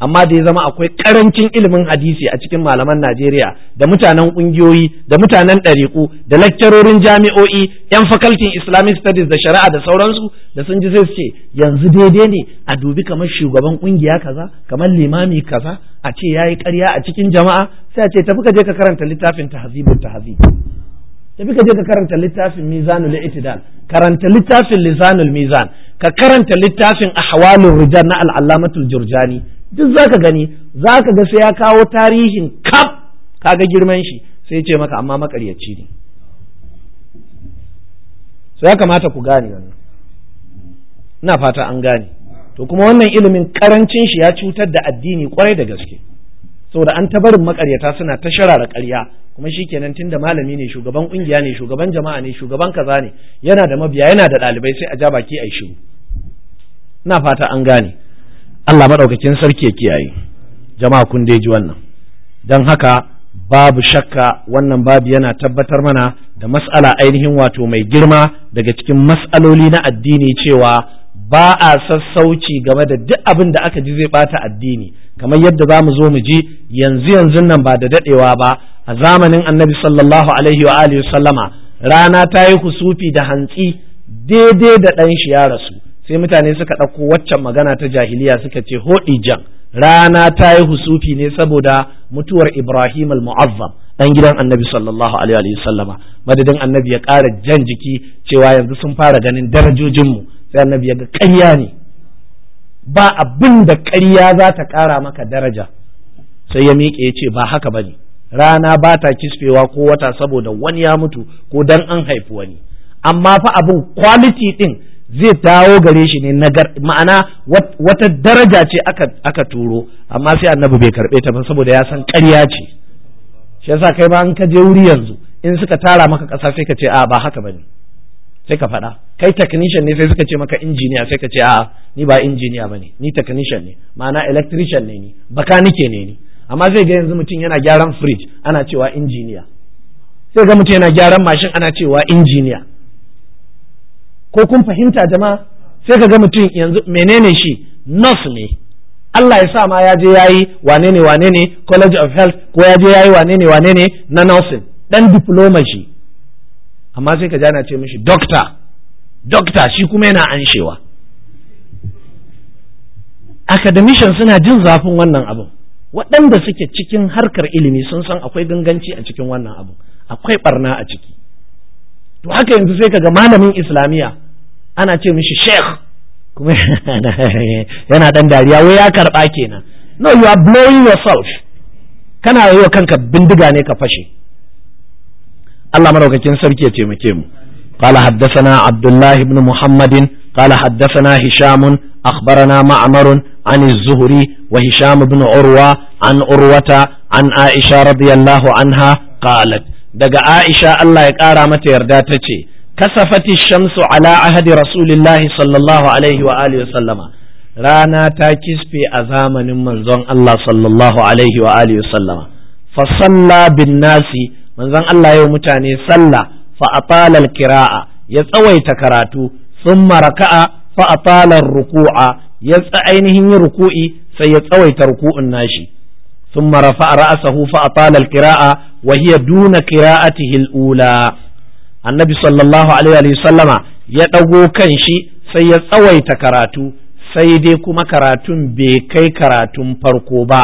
Speaker 1: amma da ya zama akwai karancin ilimin hadisi a cikin malaman Najeriya da mutanen kungiyoyi da mutanen ɗariƙu da lakcarorin jami'o'i yan fakaltin Islamic studies da shari'a da sauransu da sun ji sai su ce yanzu daidai ne a dubi kamar shugaban kungiya kaza kamar limami kaza a ce yayi ƙarya a cikin jama'a sai a ce tafi ka je ka karanta littafin tahzibut tahzib tafi ka je ka karanta littafin mizanul itidal karanta littafin lisanul mizan ka karanta littafin ahwalur rijal na al-allamatul jurjani duk zaka gani zaka ga sai ya kawo tarihin kaf kaga girman shi sai ce maka amma makaryaci ne so ya kamata ku gane wannan ina fata an gane to kuma wannan ilimin karancin shi ya cutar da addini kwarai da gaske saboda an ta barin makaryata suna ta sharara ƙarya kuma shi shikenan tunda malami ne shugaban kungiya ne shugaban jama'a ne shugaban kaza ne yana da mabiya yana da ɗalibai sai a ja baki a yi shiru ina fata an gane Allah maɗaukakin sarki ya kiyaye jama'a kun dai ji wannan don haka babu shakka wannan babu yana tabbatar mana da mas'ala ainihin wato mai girma daga cikin mas'aloli na addini cewa ba a sassauci game da duk abin da aka ji zai bata addini kamar yadda za mu zo mu ji yanzu yanzu nan ba da dadewa ba a zamanin annabi sallallahu alaihi wa alihi sallama rana ta yi husufi da hantsi daidai da ɗan shi ya rasu sai mutane suka ɗauko waccan magana ta jahiliya suka ce jan rana ta yi husufi ne saboda mutuwar ibrahim al-mu'azzam dan gidan annabi sallallahu alaihi wasallama madadin annabi ya ƙara jan jiki cewa yanzu sun fara ganin darajojinmu sai annabi ya ga ƙarya ne ba abin da ƙarya za ta ƙara maka daraja sai ya miƙe ya ce ba haka ba ne rana ba ta kisfewa ko wata saboda wani ya mutu ko dan an haifi wani amma fa abin kwaliti ɗin zai dawo gare shi ne ma'ana wata daraja ce aka turo amma sai annabi bai karbe ta ba saboda ya san ƙarya ce shi yasa kai ma in ka je wuri yanzu in suka tara maka ƙasa sai ka ce a ba haka bane sai ka faɗa kai technician ne sai suka ce maka injiniya sai ka ce a ni ba injiniya bane ni technician ne ma'ana electrician ne ni bakanike ne ni amma zai ga yanzu mutum yana gyaran fridge ana cewa injiniya sai ga mutum yana gyaran mashin ana cewa injiniya ko kun fahimta jama'a sai ka ga mutum yanzu menene shi nurse ne Allah ya sa ma ya je yayi wane ne wane ne college of health ko ya je yayi wane ne wane ne na nursing dan diploma shi amma sai ka jana ce mishi doctor doctor shi kuma yana anshewa academician suna jin zafin wannan abin waɗanda suke cikin harkar ilimi sun san akwai ganganci a cikin wannan abu akwai barna a ciki to haka yanzu sai kaga malamin islamiyya ana ce mishi sheikh kuma yana dan dariya wai ya karba kenan no you are blowing yourself kana yi wa kanka bindiga ne ka fashe Allah maraukakin sarki ya taimake mu قال حدثنا عبد الله بن محمد قال حدثنا هشام أخبرنا معمر عن الزهري وهشام بن عروة عن عروة عن عائشة رضي الله عنها قالت ya عائشة الله يقارى متى يرداتك kasafati shamsu ala ahadi rasulillahi sallallahu alaihi wa alihi wasallama rana ta kisfe a zamanin manzon Allah sallallahu alaihi wa alihi wasallama fa salla bin nasi manzon Allah yau mutane sallah fa atala kira'a ya tsawaita karatu thumma raka'a fa atala ruku'a ya ainihin ruku'i sai ya tsawaita ruku'un nashi thumma rafa'a ra'sahu fa atala alqira'a wa hiya duna qira'atihi al-ula annabi sallallahu alaihi sallama ya ɗago kan shi sai ya tsawaita karatu sai dai kuma karatun bai kai karatun farko ba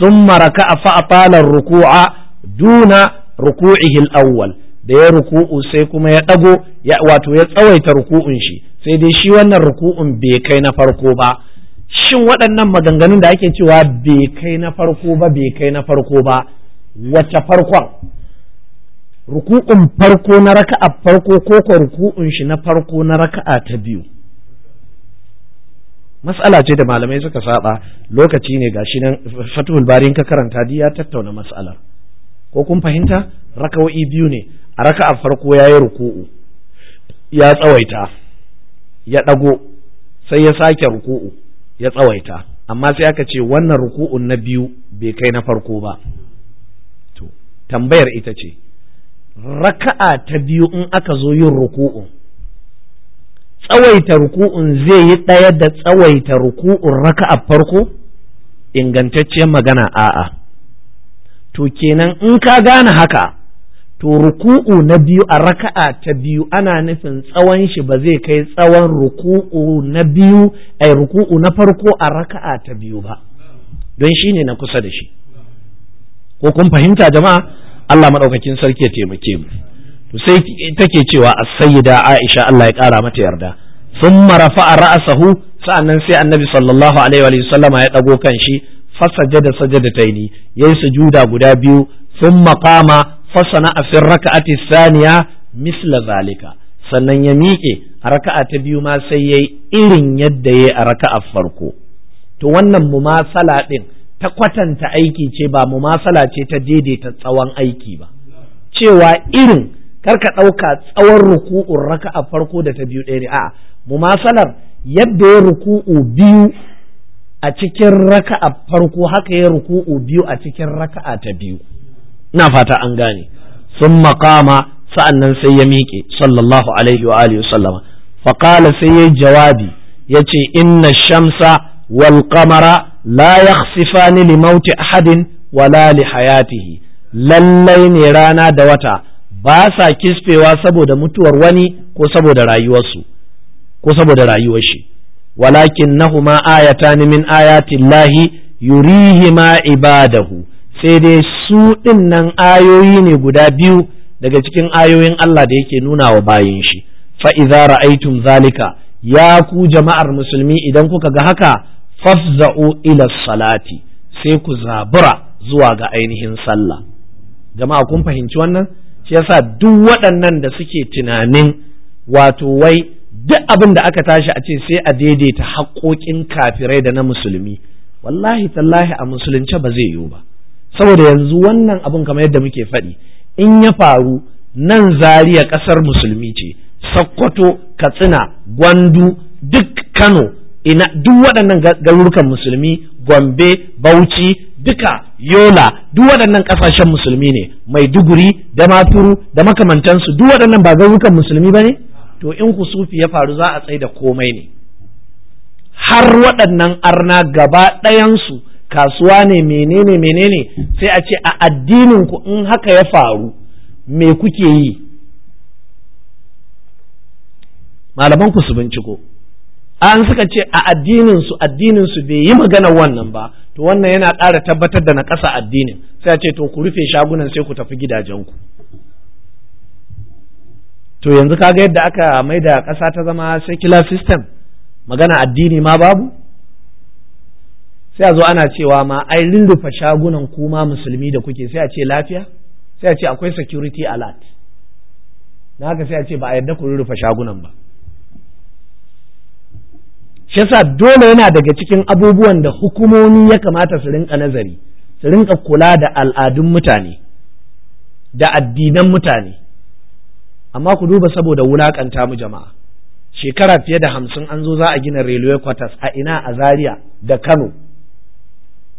Speaker 1: sun maraka a fa'afalar ruku'a duna ruku'ihil awwal da ya ruku'u sai kuma ya ɗago wato ya tsawaita ruku'un shi sai dai shi wannan ruku'un bai kai na farko ba shin waɗannan maganganun da ake cewa bai kai na farko ba bai kai na farko ba wace farkon ruku'un farko na raka'a farko ko ko ruku'un shi na farko na raka'a ta biyu mas'ala ce da malamai suka saba lokaci ne gashi nan fatul bari ka karanta ya tattauna mas'alar ko kun fahimta raka'o'i biyu ne a raka'a farko yayi ruku'u ya tsawaita ya dago sai ya sake ruku'u ya tsawaita amma sai aka ce wannan ruku'un na biyu bai kai na farko ba to tambayar ita ce raka'a ta biyu in aka zo yin ruku'u, tsawaita ruku'un zai yi ɗaya da tsawaita ruku'un raka'a farko ingantacciyar magana a'a to kenan in ka gane haka to ruku'u na biyu a raka'a ta biyu ana nufin tsawon shi ba zai kai tsawon ruku'u na biyu ai ruku'u na farko a raka'a ta biyu ba don shi ne na kusa da shi ko kun fahimta jama'a Allah maɗaukakin sarki ya taimake mu to sai take cewa as-sayyida Aisha Allah ya kara mata yarda thumma rafa'a ra'sahu sa'annan sai annabi sallallahu alaihi wa sallama ya dago kan shi fasajada sajadataini yayi sujuda guda biyu thumma qama fasana'a fi raka'ati thaniya misla zalika sannan ya miƙe a raka'a ta biyu ma sai yayi irin yadda yayi a raka'a farko to wannan mumasala din ta kwatanta aiki ce ba mumasala ce ta daidaita tsawon aiki ba cewa irin kar ka ɗauka tsawon ruku'un raka a farko da ta biyu ɗaya ne mu mumasalar yadda ya ruku'u biyu a cikin raka a farko haka ya ruku'u biyu a cikin raka a ta biyu ina fata an gane sun makama sa'an nan sai ya miƙe sallallahu alaihi wa alihi sallama faƙala sai ya jawabi ya ce inna shamsa wal qamara la yakhsifani li mauti ahadin wala li hayatihi lallai ne rana da wata ba sa kisfewa saboda mutuwar wani ko saboda rayuwarshi. ko saboda rayuwar shi walakin nahuma ayatani min ayatillahi yurihima ibadahu sai dai su ɗinnan ayoyi ne guda biyu daga cikin ayoyin Allah da yake nuna wa bayin shi fa'iza ra'aitum zalika ya ku jama'ar musulmi idan kuka ga haka fafza'u ila salati sai ku zabura zuwa ga ainihin sallah jama'a kun fahimci wannan shi yasa duk waɗannan da suke tunanin wato wai duk abin da aka tashi a ce sai a daidaita haƙoƙin kafirai da na musulmi wallahi tallahi a musulunce ba zai yiwu ba saboda yanzu wannan abin kamar yadda muke faɗi in ya faru nan zariya ƙasar musulmi ce sakkwato katsina gwandu duk kano ina duk waɗannan garurukan musulmi gombe bauchi duka yola duk waɗannan ƙasashen musulmi ne maiduguri da maturu da makamantansu duk waɗannan ba garurukan musulmi ba ne to in ku sufi ya faru za a tsai da komai ne har waɗannan arna gaba ɗayansu kasuwa ne menene menene sai a ce a addininku in haka ya faru me kuke yi malaman ku su binciko an suka ce a addinin su addinin su bai yi magana wannan ba to wannan yana ƙara tabbatar da na ƙasa addinin sai a ce to ku rufe shagunan sai ku tafi gidajenku to yanzu kaga yadda aka maida ƙasa ta zama secular system magana addini ma babu sai a zo ana cewa ma ai rurrufe shagunan kuma musulmi da kuke sai a ce lafiya sai a ce akwai security alert na haka sai a ce ba a yarda ku rufe shagunan ba yasa dole yana daga cikin abubuwan da hukumomi ya kamata su rinka nazari su rinka kula da al'adun mutane da addinan mutane amma ku duba saboda wulakanta mu jama'a shekara fiye da hamsin an zo za a gina railway quarters a ina a zaria da kano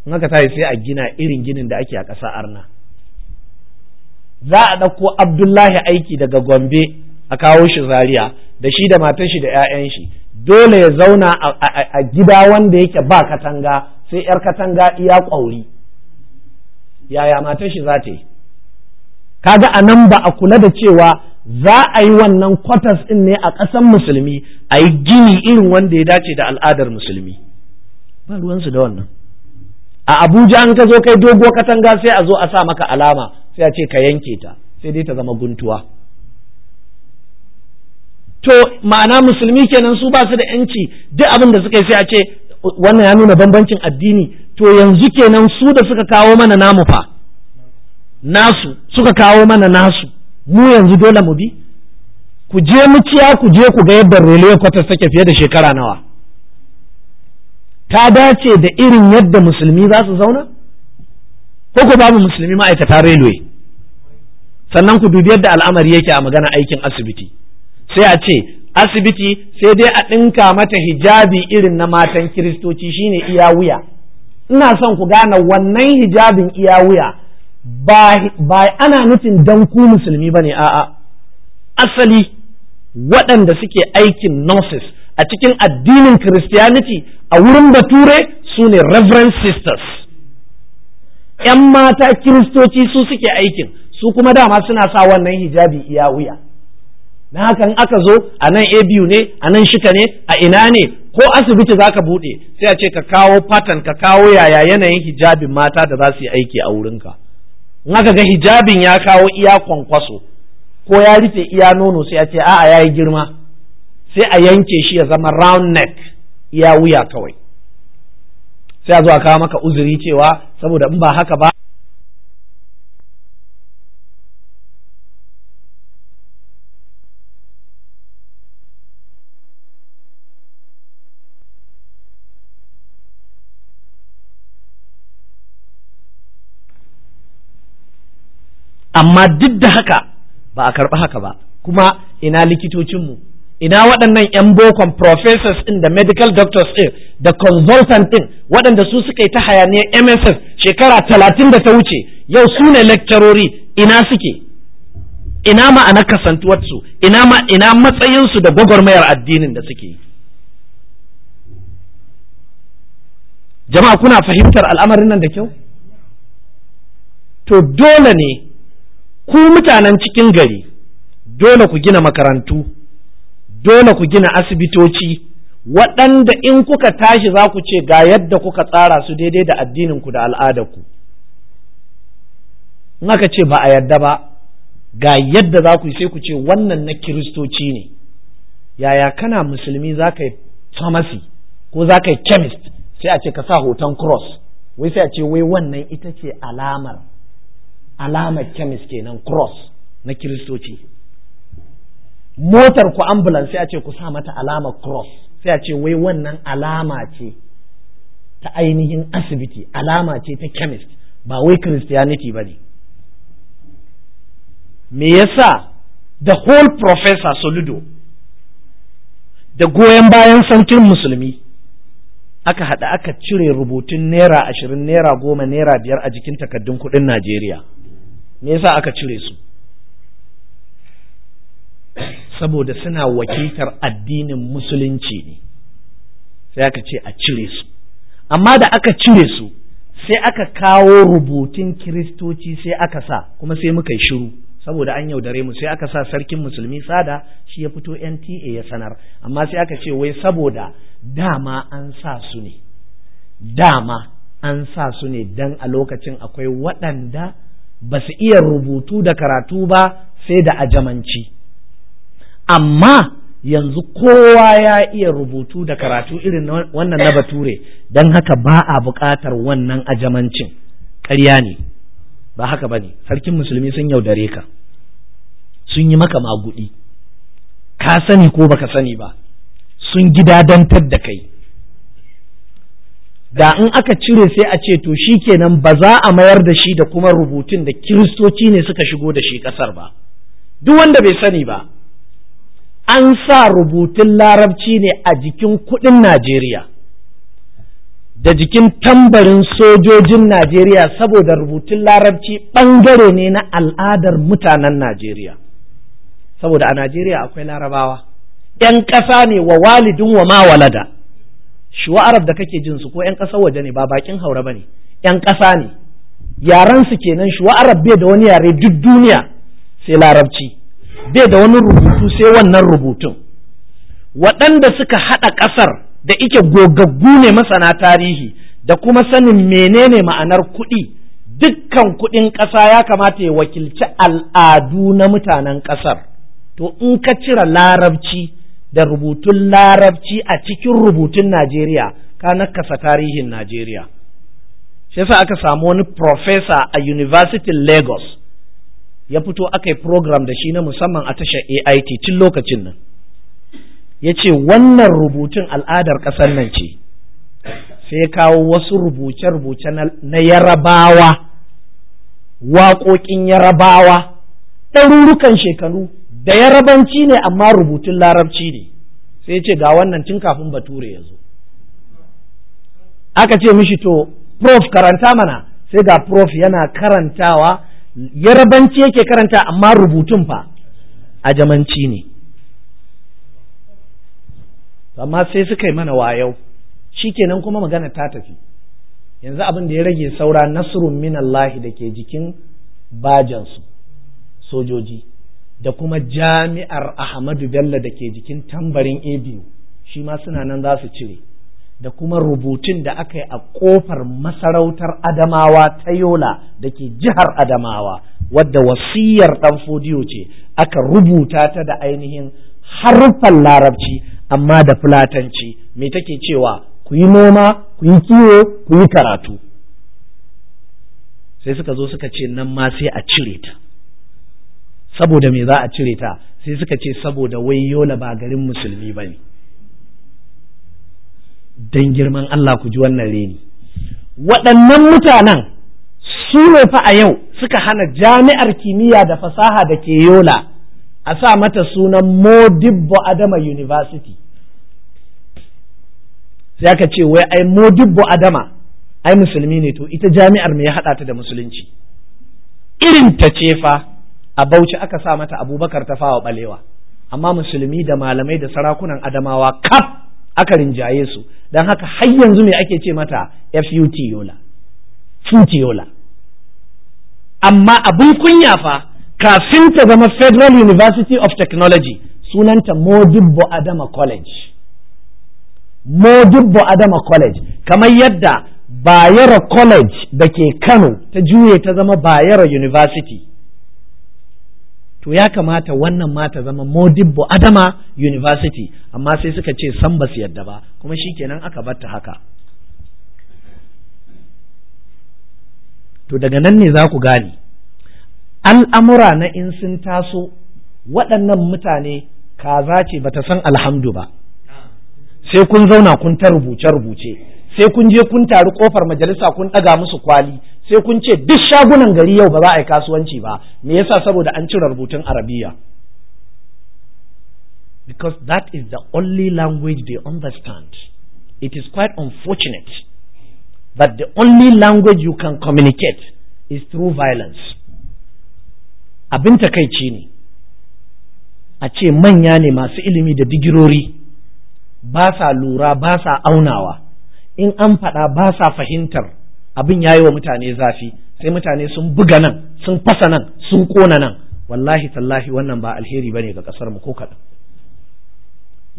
Speaker 1: in aka tashi sai a gina irin ginin da ake a ƙasa arna za a ɗauko abdullahi aiki daga gombe a kawo shi zaria da shi da matar shi da 'ya'yan shi dole ya zauna a gida wanda yake ba katanga sai 'yar katanga iya ƙwauri yaya mata shi za ta yi kaga a nan ba a kula da cewa za a yi wannan kwatas ɗin ne a ƙasan musulmi a yi gini irin wanda ya dace da al'adar musulmi ba ruwansu da wannan a abuja an ka zo kai dogo katanga sai a zo a sa maka alama sai a ce ka yanke ta sai dai ta zama guntuwa to ma'ana musulmi kenan su ba su da yanci duk abin da suka yi sai a ce wannan ya nuna bambancin addini to yanzu kenan su da suka kawo mana namu fa nasu suka kawo mana nasu mu yanzu dole mu bi ku je muciya ku je ku ga yadda railway kwatas take fiye da shekara nawa ta dace da irin yadda musulmi za su zauna ko ku babu musulmi ma'aikata railway sannan ku dubi yadda al'amari yake a magana aikin asibiti sai a ce asibiti sai dai a ɗinka mata hijabi irin na matan kiristoci shine iya wuya ina son ku gane wannan hijabin iya wuya ba ana nufin dan ku musulmi ba ne a'a asali waɗanda suke aikin nurses a cikin addinin christianity a wurin bature su ne reverend sisters ‘yan mata kiristoci su suke aikin su kuma dama suna sa wannan hijabi iya wuya na hakan aka zo a nan a biyu ne a nan shika ne a ina ne ko asibiti za ka buɗe sai a ce ka kawo fatan ka kawo yaya yanayin hijabin mata da za su yi aiki a wurinka in aka ga hijabin ya kawo iya kwankwaso ko ya rufe iya nono sai a ce a'a ya yi girma sai a yanke shi ya zama round neck iya wuya kawai sai a zo a kawo maka uzuri cewa saboda in ba haka ba amma duk da haka ba a karɓi haka ba kuma ina likitocinmu ina waɗannan 'yan bokon professors in da medical doctors in da consultant ɗin waɗanda su suka yi ta hayaniyar mss shekara talatin da ta wuce yau su ne lecturori ina suke ina ma'ana kasantuwarsu ina ma ina matsayinsu da gwagwarmayar addinin da suke jama'a kuna fahimtar al'amarin nan da kyau to dole ne ku mutanen cikin gari dole ku gina makarantu dole ku gina asibitoci waɗanda in kuka tashi za ku ce ga yadda kuka tsara su daidai da addininku da al'adarku in aka ce ba a yadda ba ga yadda za ku yi sai ku ce wannan na kiristoci ne yaya kana musulmi za ka yi pharmacy ko za ka yi chemist sai a ce ka sa hoton cross wai sai a ce wai wannan ita ce alamar alamar kemis kenan cross na kiristoci motar ku ambulance sai a ce ku sa mata alamar cross sai a ce wai wannan alama ce ta ainihin asibiti alama ce ta chemist ba wai christianity ba ne me yasa the whole professor soludo da goyon bayan sarkin musulmi aka haɗa aka cire rubutun naira ashirin naira goma naira biyar a jikin takaddun kuɗin najeriya me yasa aka cire su saboda suna wakiltar addinin musulunci ne sai aka ce a cire su amma da aka cire su sai aka kawo rubutun kiristoci sai aka sa kuma sai muka yi shiru saboda an yaudare mu sai aka sa sarkin musulmi sada shi ya fito NTA ya sanar amma sai aka ce wai saboda dama an sa su ne dama an sa su ne dan a lokacin akwai waɗanda ba su iya rubutu da karatu ba sai da ajamanci amma yanzu kowa ya iya rubutu da karatu irin wannan na bature don haka ba a buƙatar wannan ajamancin Karya ne ba haka ba ne sarkin musulmi sun yaudare ka sun yi maka magudi ka sani ko baka sani ba sun gida gidadantar da kai da in aka cire sai a ce to shi kenan ba za a mayar da shi da kuma rubutun da kiristoci ne suka shigo da shi kasar ba duk wanda bai sani ba an sa rubutun larabci ne a jikin kudin najeriya da jikin tambarin sojojin najeriya saboda rubutun larabci ɓangare ne na al'adar mutanen najeriya saboda a najeriya akwai larabawa ‘yan ƙasa ne wa walidun wa ma walada shuwa'arab da kake jin su ko yan ƙasar waje ne ba bakin haura bane yan ƙasa ne yaran su kenan shuwa'arab bai da wani yare duk duniya sai larabci bai da wani rubutu sai wannan rubutun waɗanda suka haɗa ƙasar da ike gogaggu ne masana tarihi da kuma sanin menene ma'anar kuɗi dukkan kuɗin ƙasa ya kamata ya wakilci al'adu na mutanen ƙasar to in ka cire larabci da rubutun larabci a cikin rubutun Najeriya ka nakasa tarihin Najeriya shi yasa aka samu wani professor a University Lagos ya fito aka yi program da shi na musamman a tashar AIT tun lokacin nan ya ce wannan rubutun al'adar ƙasar nan ce sai kawo wasu rubuce-rubuce na yarabawa waƙoƙin yarabawa ɗarurukan shekaru da yarabanci ne amma rubutun larabci ne sai ce ga wannan tun kafin bature ya zo aka ce mishi to prof karanta mana sai ga prof yana karantawa yarabanci yake karanta amma rubutun fa a jamanci ne amma sai suka yi mana wayau shi shikenan kuma magana ta tafi yanzu abin da ya rage saura nasrun minallahi da ke jikin bajansu sojoji da kuma jami'ar Ahmadu Bello da ke jikin tambarin ABU shi ma suna nan za su cire da kuma rubutun da aka yi a ƙofar masarautar Adamawa ta Yola da ke jihar Adamawa wadda wasiyar ɗan fodiyo ce aka rubuta ta da ainihin haruffan larabci amma da fulatanci me take cewa ku yi noma ku yi kiwo ku yi karatu sai suka zo suka ce nan ma sai a cire ta saboda me za a cire ta sai suka ce saboda wai yola ba garin musulmi ba ne don girman Allah ku ji wannan reni waɗannan mutanen su ne fa a yau suka hana jami'ar kimiyya da fasaha da ke yola a sa mata sunan modibbo adama university sai aka ce wai ai modibbo adama ai musulmi ne to ita jami'ar me ya haɗa ta da musulunci irin ta ce fa a bauchi aka sa mata abubakar ta fawa balewa amma musulmi da malamai da sarakunan adamawa kaf aka rinjaye su don haka har yanzu me ake ce mata fut yola fut yola amma abin kunya fa kafin ta zama federal university of technology sunanta modibbo adama college modibbo adama college kamar yadda bayero college da ke kano ta juye ta zama bayero university to ya kamata wannan ma ta zama modibbo adama university amma sai suka ce san ba su yadda ba kuma shikenan aka bar ta haka to daga nan ne za ku gani? al'amura na in sun taso waɗannan mutane kaza ce ba ta san alhamdu ba sai kun zauna kun ta rubuce-rubuce sai kun je kun taru kofar majalisa kun ɗaga musu kwali sai kun ce duk shagunan gari yau ba za a yi kasuwanci ba me yasa saboda an cire rubutun arabiya because that is the only language they understand it is quite unfortunate that the only language you can communicate is through violence abin takaici ne a ce manya ne masu ilimi da digirori ba sa lura ba sa aunawa in an faɗa ba sa fahimtar abin ya yi wa mutane zafi sai mutane sun buga nan sun fasa nan sun kona nan wallahi tallahi wannan ba alheri bane ga kasar mu ko kaɗan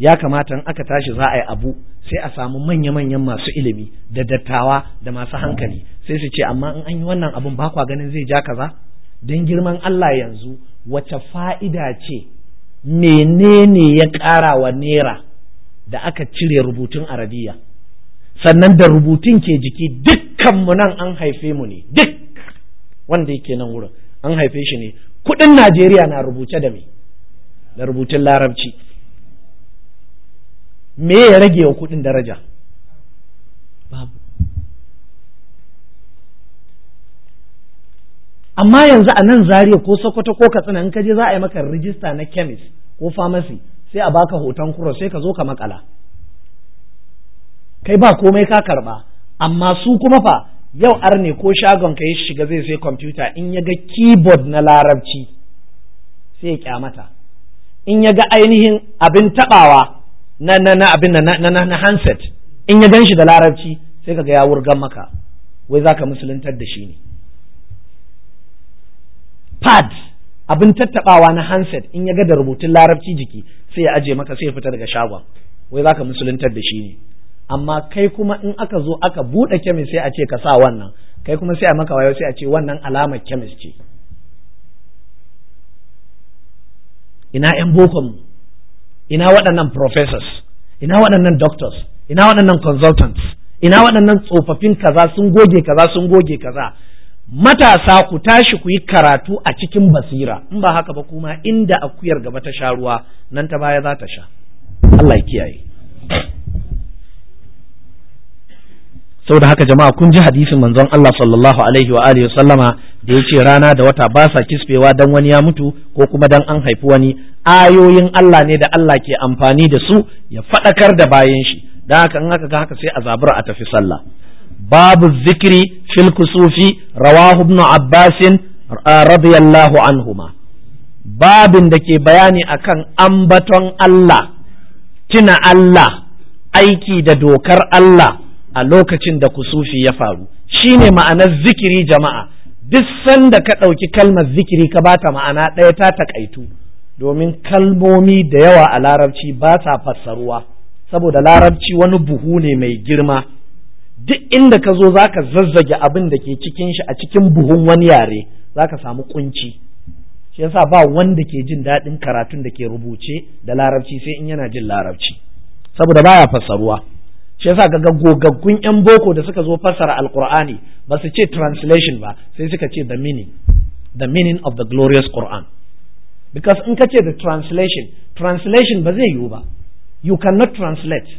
Speaker 1: ya kamata in aka tashi za a yi abu sai a samu manya-manyan masu ilimi da dattawa da masu hankali sai su ce amma in an yi wannan abun ba kwa ganin zai ja kaza don girman Allah yanzu wace fa'ida ce menene ya ƙara wa naira da aka cire rubutun arabiya sannan da rubutun ke jiki dukkanmu nan an haife mu ne duk wanda yake nan wurin an haife shi ne kudin Najeriya na rubuce da me da rubutun larabci me ya rage wa kudin daraja babu amma yanzu a nan zariya ko sokoto ko katsina in ka je za a yi maka rijista na kemis ko famasi sai a baka hoton kuro sai ka zo ka makala kai ba komai ka karba amma su kuma fa yau arne ko shagon ka yi shiga zai sai kwamfuta in ya ga keyboard na larabci sai ya kyamata in ya ga ainihin abin tabawa na handset in ya gan shi da larabci sai ka ga ya wurgan maka wai za ka musuluntar da shi ne pad abin tattabawa na handset in ya ga da rubutun larabci jiki sai ya aje maka sai ya fita daga shagon wai za ka musuluntar da shi ne amma kai kuma in aka zo aka buɗe kemis sai a ce ka sa wannan kai kuma sai a maka wayo sai a ce wannan alamar kemis ce ina yan bokon ina waɗannan professors ina waɗannan doctors ina waɗannan consultants ina waɗannan tsofaffin kaza sun goge kaza sun goge kaza matasa ku tashi ku yi karatu a cikin basira in ba haka ba kuma inda akuyar gaba ta sha ruwa nan ta baya za ta sha Allah ya kiyaye saboda haka jama'a kun ji hadisin manzon Allah sallallahu alaihi wa alihi sallama da yace rana da wata ba sa kisbewa dan wani ya mutu ko kuma dan an haifi wani ayoyin Allah ne da Allah ke amfani da su ya fadakar da bayan shi dan haka in aka ga haka sai a a tafi sallah babu zikri fil kusufi rawahu ibn abbas radiyallahu anhuma babin da ke bayani akan ambaton Allah tuna Allah aiki da dokar Allah a lokacin da kusufi ya faru shine ma'anar zikiri jama'a duk sanda ka ɗauki kalmar zikiri ka bata ma'ana ɗaya ta takaitu domin kalmomi da yawa a larabci ba sa fassaruwa saboda larabci wani buhu ne mai girma duk inda ka zo za ka zazzage abin da ke cikin shi a cikin buhun wani yare za ka samu ƙunci, shi yasa ba wanda ke jin daɗin karatun da ke rubuce da larabci sai in yana jin larabci saboda baya fassaruwa shi yasa ga gogaggun yan boko da suka zo fassara alqur'ani ba su ce translation ba sai suka ce the meaning the meaning of the glorious quran because in ka ce the translation translation ba zai yiwu ba you cannot translate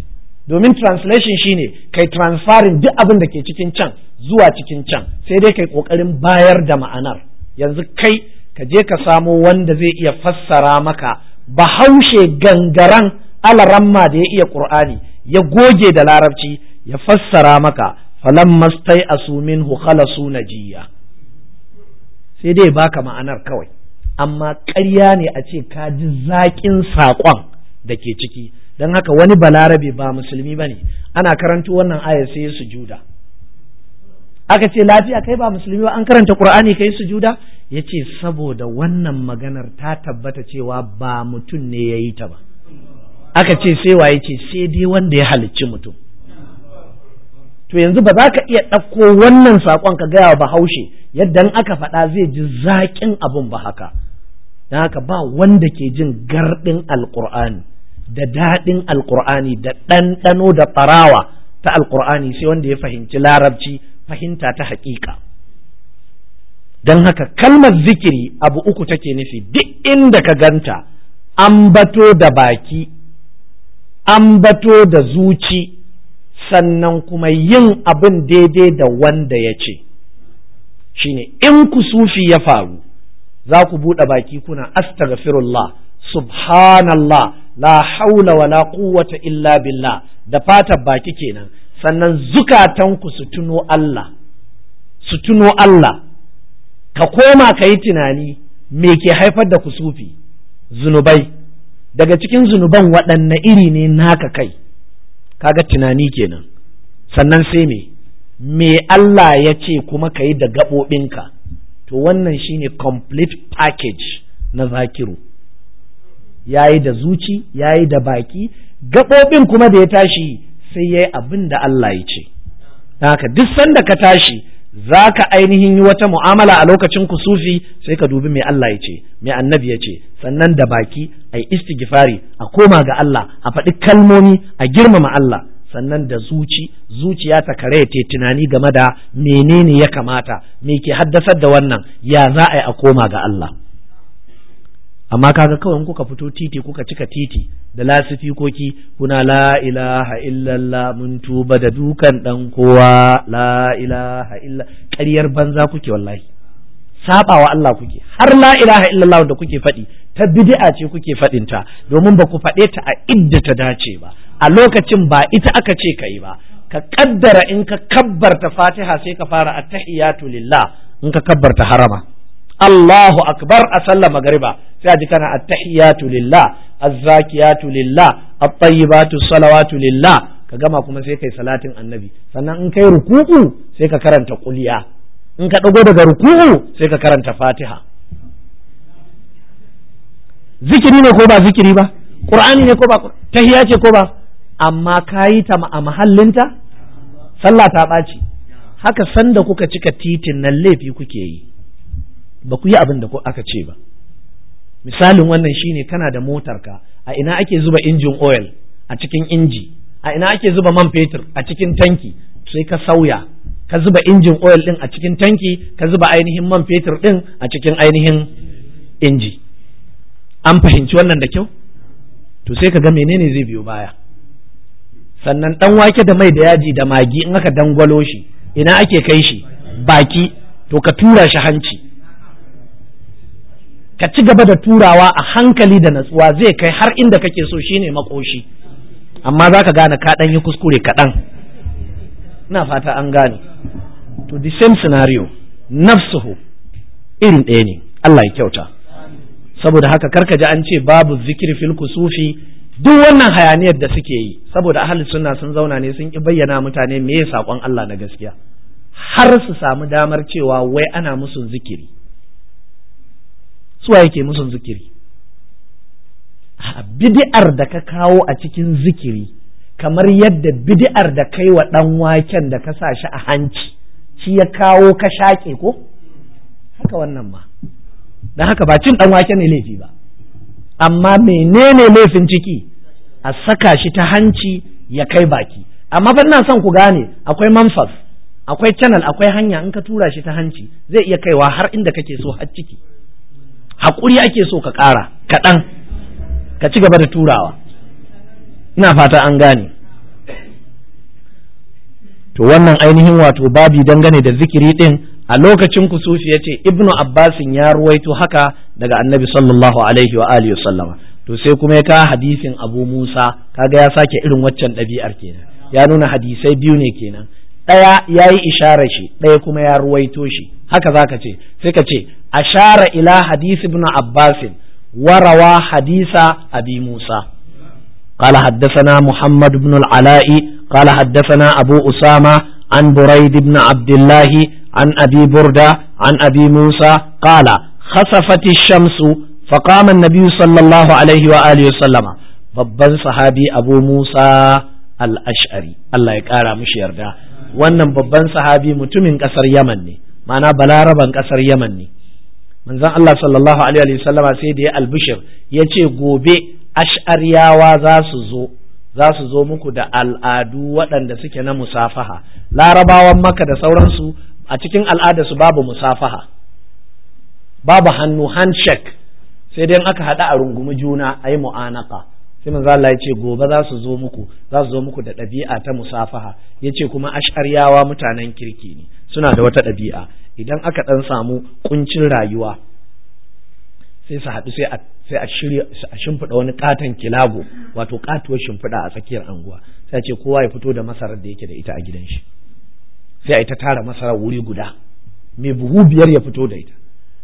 Speaker 1: domin translation shine kai transferring duk abin da ke cikin can zuwa cikin can sai dai kai kokarin bayar da ma'anar yanzu kai ka je ka samo wanda zai iya fassara maka bahaushe gangaran alaramma da ya iya qur'ani ya goge da larabci ya fassara maka falan mastai asumin khalasu najiya sai dai baka ma'anar kawai amma ƙarya ne a ce ka ji zaƙin saƙon da ke ciki don haka wani balarabe ba musulmi ba ne ana karanto wannan ayar sai sujuda aka ce lafiya kai ba musulmi ba an karanta Kur'ani kai sujuda ya ce saboda wannan maganar ta tabbata cewa ba mutum ne ya yi ta ba aka ce sai waye ce sai dai wanda ya halicci mutum to yanzu ba za ka iya ɗauko wannan saƙon ka gaya wa bahaushe yadda in aka faɗa zai ji zaƙin abin ba haka don haka ba wanda ke jin garɗin alƙur'ani da daɗin alƙur'ani da ɗanɗano da farawa ta alƙur'ani sai wanda ya fahimci larabci fahimta ta haƙiƙa don haka kalmar zikiri abu uku take nufi duk inda ka ganta an bato da baki An bato da zuci sannan kuma yin abin daidai da wanda ya ce shine in ku sufi ya faru za ku buɗe baki kuna astaghfirullah subhanallah la haula wa la quwwata illa billah da fatar baki kenan sannan zukatanku su tuno Allah su tuno Allah ka koma ka yi tunani me ke haifar da kusufi zunubai daga cikin zunuban waɗanne iri ne naka kai kaga tunani kenan sannan sai me me Allah ya ce kuma ka yi da gaɓoɓinka to wannan shine complete package na zakiru ya yi da zuci ya yi da baki gaɓoɓin kuma da ya tashi sai ya yi abin da Allah ya ce haka duk sanda ka tashi za ka ainihin yi wata mu'amala a lokacin kusufi sai ka dubi mai Allah ya ce mai annabi ya ce sannan da baki a yi istighfari a koma ga Allah a faɗi kalmomi a girmama Allah sannan da zuci zuciya ta kare ta tunani game da menene ya kamata me ke haddasar da wannan ya za a yi a koma ga Allah amma kaga kawai kuka fito titi kuka cika titi da lasifikoki kuna la ilaha illallah mun tuba da dukan dan kowa la ilaha illa ƙaryar banza kuke wallahi saba Allah kuke har la ilaha illallah da kuke faɗi ta bid'a ce kuke faɗin ta domin ba ku faɗe ta a idda ta dace ba a lokacin ba ita aka ce kai ba ka kaddara in ka kabbarta fatiha sai ka fara attahiyatu lillah in ka kabbarta harama Allahu akbar a sallar magariba sai a ji kana attahiyatu lillah azzakiyatu lillah at-tayyibatu salawatu lillah ka gama kuma sai kai salatin annabi sannan in kai rukuku sai ka karanta kuliya in ka dago daga ruku'u sai ka karanta fatiha zikiri ne ko ba zikiri ba qur'ani ne ko ba Tahiya ce ko ba amma kayi ta a mahallinta sallah ta ɓaci haka sanda kuka cika titin nan laifi kuke yi ba ku yi abin da aka ce ba misalin wannan shine kana da motarka a ina ake zuba injin oil a cikin inji a ina ake zuba man fetur a cikin tanki sai ka sauya ka zuba injin oil din a cikin tanki ka zuba ainihin man fetur din a cikin ainihin inji an fahimci wannan da kyau to sai ka ga menene zai biyo baya sannan dan wake da mai da yaji da magi in aka dangwalo shi ina ake kai shi baki to ka tura shi hanci ka ci gaba da turawa a hankali da natsuwa zai kai har inda kake so shine makoshi amma za ka gane ka ɗan yi kuskure kaɗan na fata an gane to the same scenario nafsuhu irin ɗaya ne Allah ya kyauta saboda haka karka ji an ce babu zikir fil kusufi duk wannan hayaniyar da suke yi saboda ahli sunna sun zauna ne sun ki bayyana mutane me ya sakon Allah na gaskiya har su samu damar cewa wai ana musu zikiri suwa yake musun zikiri bidi'ar da ka kawo a cikin zikiri kamar yadda bidi'ar da kai wa ɗan waken da ka sa shi a hanci shi ya kawo ka shaƙe ko haka wannan ma don haka ba cin ɗan wake ne laifi ba amma menene laifin ciki a saka shi ta hanci ya kai baki amma ban na son ku gane akwai manfas akwai canal akwai hanya in ka tura shi ta hanci zai iya kaiwa har inda kake so har ciki hakuri ake so ka kara kaɗan ka ci gaba da turawa ina fata an gane to wannan ainihin wato babi dangane da zikiri din a lokacin ku ya ce ibnu abbasin ya ruwaito haka daga annabi sallallahu alaihi wa alihi sallama to sai kuma ya ka hadisin abu musa kaga ya sake irin waccan dabi'ar kenan ya nuna hadisai biyu ne kenan ɗaya ya yi isharar shi ɗaya kuma ya ruwaito shi haka zaka ce sai ka ce ashara ila hadisi ibn abbasin warawa hadisa abi musa قال حدثنا محمد بن العلاء قال حدثنا أبو أسامة عن بريد بن عبد الله عن أبي بردة عن أبي موسى قال خسفت الشمس فقام النبي صلى الله عليه وآله وسلم babban sahabi abu yarda wannan babban sahabi mutumin ƙasar yaman ne ma'ana balaraban ƙasar yaman ne manzon Allah sallallahu alaihi wasallama sai da ya albishir yace gobe ash'ariyawa za su zo za su zo muku da al'adu waɗanda suke na musafaha larabawan maka da sauransu a cikin al'ada su babu musafaha babu hannu handshake sai dai aka haɗa a rungumi juna a yi mu'anaka sai manzo Allah ya ce gobe za su zo muku za su zo muku da ɗabi'a ta musafaha yace kuma ash'aryawa mutanen kirki ne suna da wata ɗabi'a idan aka ɗan samu ƙuncin rayuwa sai su haɗu sai a a shimfiɗa wani katon kilago wato katuwar shimfiɗa a tsakiyar anguwa sai ce kowa ya fito da masarar da yake da ita a gidan shi sai a yi ta tara masarar wuri guda mai buhu biyar ya fito da ita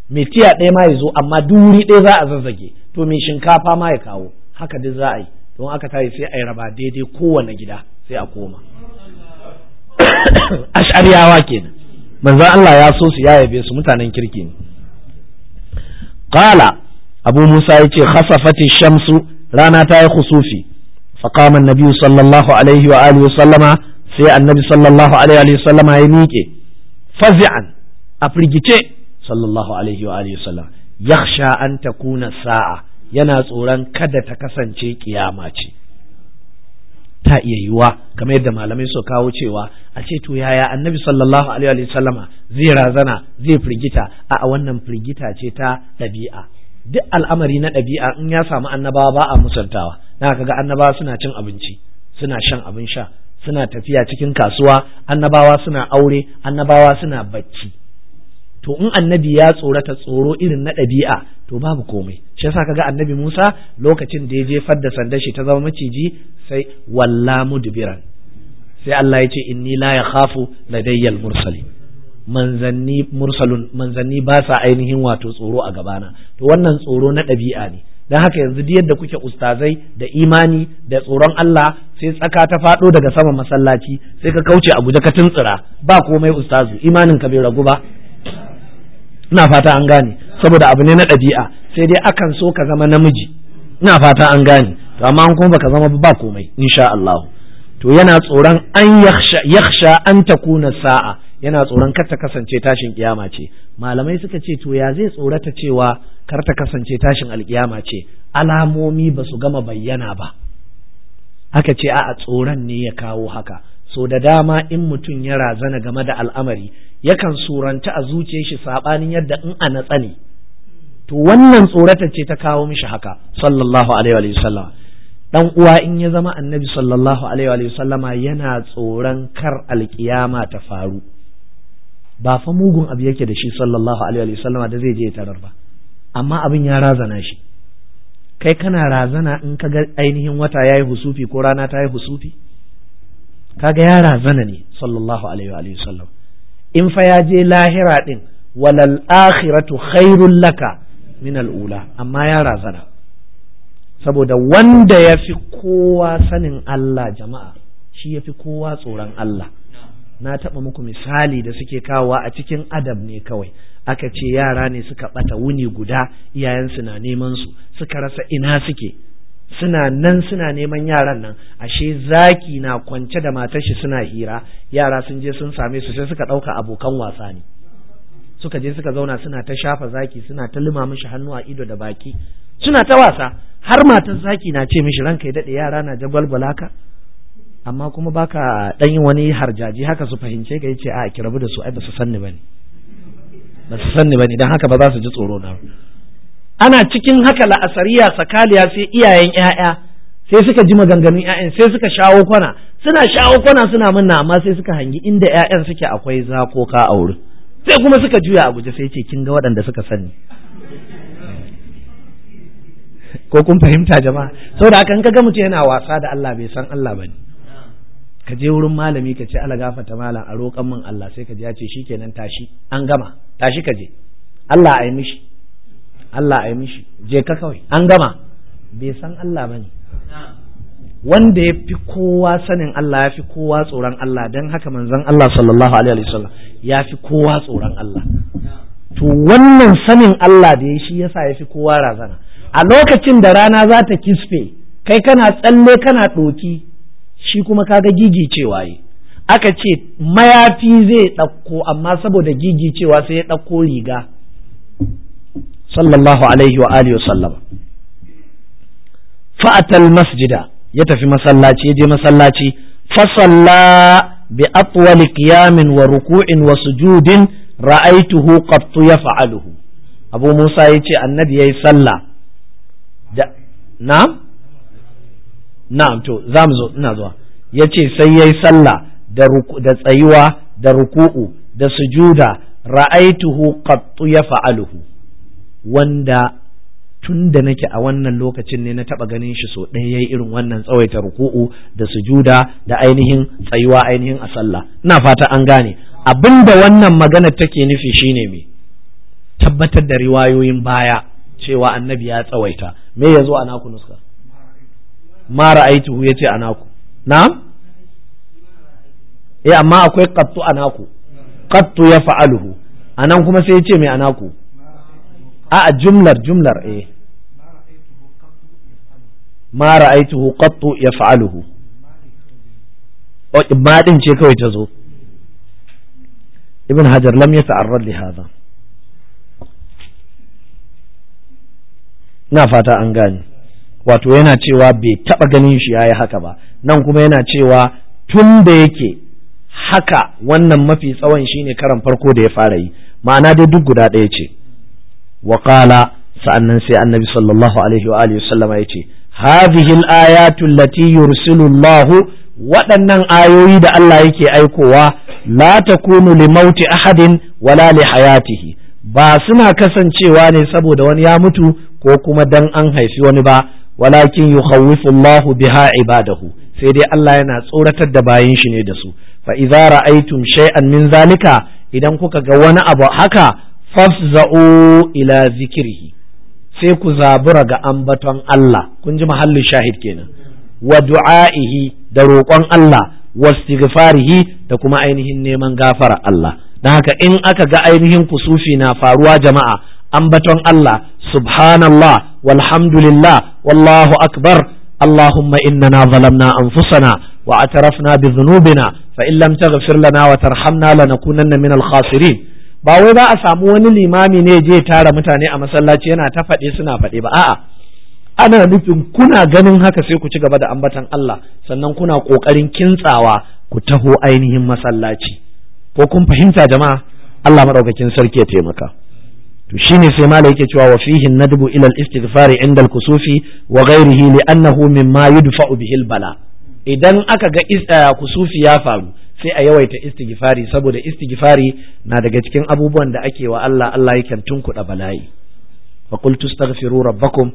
Speaker 1: mai tiya ɗaya ma ya zo amma duk wuri ɗaya za a zazzage to mai shinkafa ma ya kawo haka duk za a yi don aka tare sai a yi raba daidai kowane gida sai a koma ash'ariyawa kenan manzon Allah ya so su ya yabe su mutanen kirki ne qala abu musa ya yace khasafati shamsu rana ta yi khusufi فقام النبي sallallahu alaihi عليه وآله sallama sai annabi sallallahu alaihi wa sallama ya miƙe fazi'an a firgice sallallahu alaihi wa alihi sallam yakhsha an takuna sa'a yana tsoron kada ta kasance kiyama ce ta iya yiwuwa kamar yadda malamai su kawo cewa a ce to yaya annabi sallallahu alaihi wa sallama zai razana zai firgita a wannan firgita ce ta ɗabi'a duk al'amari na ɗabi'a in ya samu annabawa ba a musantawa na kaga annabawa suna cin abinci suna shan abin sha suna tafiya cikin kasuwa annabawa suna aure annabawa suna bacci to in annabi ya tsorata tsoro irin na ɗabi'a to babu komai shi yasa kaga annabi Musa lokacin da ya jefar da sanda shi ta zama maciji sai walla mudbiran sai Allah ya ce inni la yakhafu ladayyal mursalin manzanni mursalun manzanni ba sa ainihin wato tsoro a gabana to wannan tsoro na ɗabi'a ne don haka yanzu duk yadda kuke ustazai da imani da tsoron Allah sai tsaka ta faɗo daga sama masallaci sai ka kauce a guje ka tuntsira ba komai ustazu imanin ka bai ragu ba ina fata an gane saboda abu ne na ɗabi'a sai dai akan so ka zama namiji ina fata an gane to amma an kuma baka zama ba komai insha Allah to yana tsoron an yakhsha an takuna sa'a yana tsoron kar ta kasance tashin kiyama ce malamai suka ce to ya zai tsorata cewa kar ta kasance tashin alkiyama ce alamomi ba su gama bayyana ba haka ce a tsoron ne ya kawo haka so da dama in mutum ya razana game da al'amari yakan suranta a zuciyar shi sabanin yadda in a natsa ne to wannan tsorata ce ta kawo mishi haka sallallahu alaihi wa sallam dan uwa in ya zama annabi sallallahu alaihi wa sallama yana tsoron kar alkiyama ta faru ba fa mugun abu yake da shi sallallahu alaihi wa sallama da zai je ya tarar ba amma abin ya razana shi kai kana razana in ka ga ainihin wata yayi husufi ko rana ta yi husufi kaga ya razana ne sallallahu alaihi wa sallam in fa ya je lahira din walal akhiratu khairul laka min al'ula amma ya razana saboda wanda ya fi kowa sanin Allah jama'a shi ya fi kowa tsoron Allah na taɓa muku misali da suke kawo a cikin adab ne kawai aka ce yara ne suka ɓata wuni guda iyayensu na neman su suka rasa ina suke suna nan suna neman yaran nan ashe zaki na kwance da matar shi suna hira yara sun je sun same su sai suka ɗauka abokan wasa ne suka je suka zauna suna ta shafa zaki suna ta lima mishi hannu a ido da baki suna ta wasa har matar zaki na ce mishi ranka ya daɗe yara na jagwalgwala ka amma kuma baka ɗan yin wani harjaji haka su fahimce ka yace a ki rabu da su ai ba su sanni bane ba su sanni bane dan haka ba za su ji tsoro na ana cikin haka la'asariya sakaliya sai iyayen 'ya'ya sai suka ji maganganun ƴaƴan sai suka shawo kwana suna shawo kwana suna munna amma sai suka hangi inda 'ya'yan suke akwai zakoka a wurin sai kuma suka juya a guje sai ce kin ga waɗanda suka sani ko kun fahimta jama'a saboda haka in kaga mutum yana wasa da Allah bai san Allah bane ka je wurin malami ka ce Allah gafarta malam a roƙan min Allah sai ka ji ya ce shikenan tashi an gama tashi ka je Allah ai mishi Allah yi mishi je ka kawai an gama bai san Allah ne wanda ya fi kowa sanin Allah ya fi kowa tsoron Allah don haka manzon Allah sallallahu alaihi wasallam ya fi kowa tsoron Allah to wannan sanin Allah da ya shi yasa ya fi kowa razana a lokacin da rana za ta kisfe kai kana tsalle kana ɗoki shi kuma kaga gigicewa yi aka ce mayafi zai ɗauko amma saboda gigicewa sai ya ɗauko riga sallallahu alaihi wa alihi wa sallam fa'atal masjida ya tafi masallaci ya je masallaci fasalla bi atwali qiyamin wa ruku'in wa sujudin ra'aituhu qattu yaf'aluhu abu musa yace annabi yayi sallah da zo ina zuwa sai yayi sallah da tsayuwa da ruku'u da sujuda ra'aituhu qattu yaf'aluhu wanda tun da nake a wannan lokacin ne na taba ganin shi so ɗaya yayi irin wannan tsawaita ruku'u da sujuda da ainihin tsayuwa ainihin a sallah ina fata an gane abinda wannan magana take nufi shine me tabbatar da riwayoyin baya cewa annabi ya tsawaita me yazo a naku nuska ma ra'aituhu yace a naku na'am eh amma akwai qattu a naku qattu ya fa'aluhu anan kuma sai yace me a naku a jumlar jumlar eh ma aituhu qattu yaf'aluhu ma din ce kawai ta zo ibn hajar lam yata'arrad li hadha na fata an gani. wato yana cewa bai taba ganin shi yayi haka ba nan kuma yana cewa tun da yake haka wannan mafi tsawon shine karan farko da ya fara yi ma'ana dai duk guda ɗaya ce wa qala sa'annan sai annabi sallallahu alaihi wa alihi sallama yace hadhihi al-ayatu allati yursilu waɗannan ayoyi da Allah yake aikowa la takunu li mauti ahadin wala li hayatihi ba suna kasancewa ne saboda wani ya mutu ko kuma dan an haifi wani ba walakin yukhawwifu biha biha ibadahu sai dai Allah yana tsoratar da bayin shi ne da su fa idza ra'aytum shay'an min zalika idan kuka ga wani abu haka fafza'u ila zikirhi sai ku zabura ga ambaton Allah kun ji mahallin shahid kenan wa du'a'ihi da roƙon Allah wastighfarihi da kuma ainihin neman gafara Allah don haka in aka ga ainihin kusufi na faruwa jama'a ambaton Allah subhanallah walhamdulillah wallahu akbar اللهم إننا ظلمنا أنفسنا واعترفنا بذنوبنا فإن لم تغفر لنا وترحمنا لنكونن من الخاسرين ba wai za a samu wani limami ne je tara mutane a masallaci yana ta faɗe suna faɗe ba a'a ana nufin kuna ganin haka sai ku ci gaba da ambatan Allah sannan kuna ƙoƙarin kintsawa ku taho ainihin masallaci ko kun fahimta jama'a Allah madaukakin sarki ya taimaka to shine sai malai yake cewa wa fihi nadbu ila al-istighfari inda al-kusufi wa ghairihi li'annahu mimma yudfa'u bihi al-bala idan aka ga eh, kusufi ya faru sai a yawaita istighfari saboda istighfari na daga cikin abubuwan da ake wa Allah Allah yakan tunkuɗa bala'i wa qultu astaghfiru rabbakum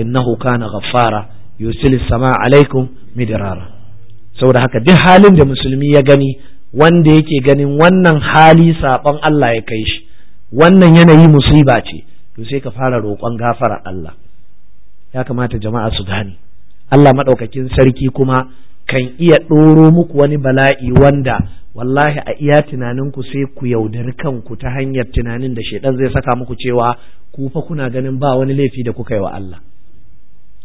Speaker 1: innahu kana ghaffara yusilis sama alaikum midrara saboda haka duk halin da musulmi ya gani wanda yake ganin wannan hali saɓon Allah ya kai shi wannan yanayi musiba ce to sai ka fara roƙon gafara Allah ya kamata jama'a su gane Allah maɗaukakin sarki kuma kan iya ɗoro muku wani bala'i wanda wallahi a iya tunaninku sai ku yaudari kanku ta hanyar tunanin da shaidan zai saka muku cewa ku fa kuna ganin ba wani laifi da kuka yi wa Allah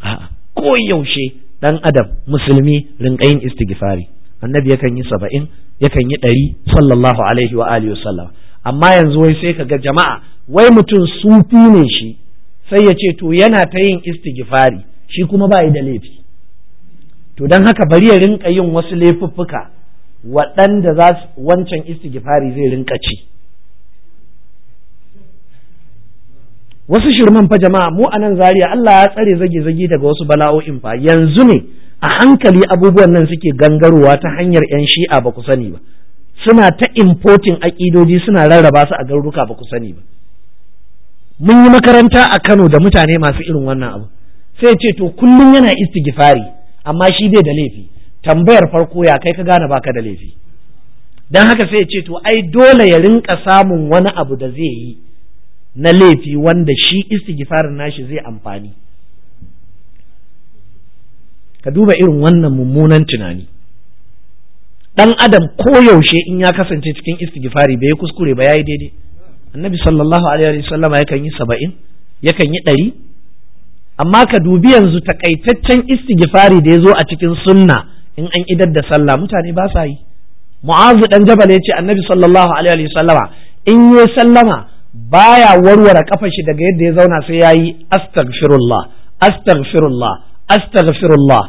Speaker 1: a'a ko yaushe dan adam musulmi yin istighfari annabi yakan yi saba'in yakan yi ɗari sallallahu alaihi wa alihi wasallam amma yanzu wai sai ka ga jama'a wai mutum sufi ne shi sai ya ce to yana ta yin istighfari shi kuma ba yi da laifi to don haka bari ya rinka yin wasu laifuffuka waɗanda za su wancan istighfari zai rinka ci wasu shirman fa jama'a mu a nan zariya Allah ya tsare zage-zage daga wasu bala'o'in fa yanzu ne a hankali abubuwan nan suke gangarowa ta hanyar 'yan shi'a ba ku sani ba suna ta importing aƙidoji suna rarraba su a garuruka ba ku sani ba mun yi makaranta a Kano da mutane masu irin wannan abu sai ce to kullum yana istighfari amma shi bai da laifi tambayar farko ya kai ka gane baka da laifi dan haka sai ya ce to ai dole ya rinka samun wani abu da zai yi na laifi wanda shi istighfarin nashi zai amfani ka duba irin wannan mummunan tunani dan adam ko yaushe in ya kasance cikin istighfari bai kuskure ba yayi daidai annabi sallallahu alaihi wasallama yakan yi saba'in yakan yi ɗari amma ka dubi yanzu takaitaccen istighfari da ya zo a cikin sunna in an idar da sallah mutane ba sa yi mu'azu dan jabal ya ce annabi sallallahu alaihi wa in ya sallama baya warware kafa shi daga yadda ya zauna sai yayi astaghfirullah astaghfirullah astaghfirullah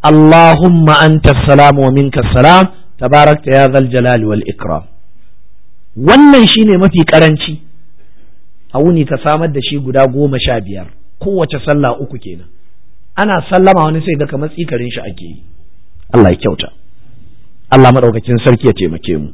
Speaker 1: allahumma anta salam wa minka salam tabarakta ya zal jalali wal ikram wannan shine mafi karanci a wuni ka samar da shi guda goma sha biyar kowace sallah uku kenan ana sallama wani sai daga matsi karin shi ake yi Allah ya kyauta Allah madaukakin sarki ya taimake mu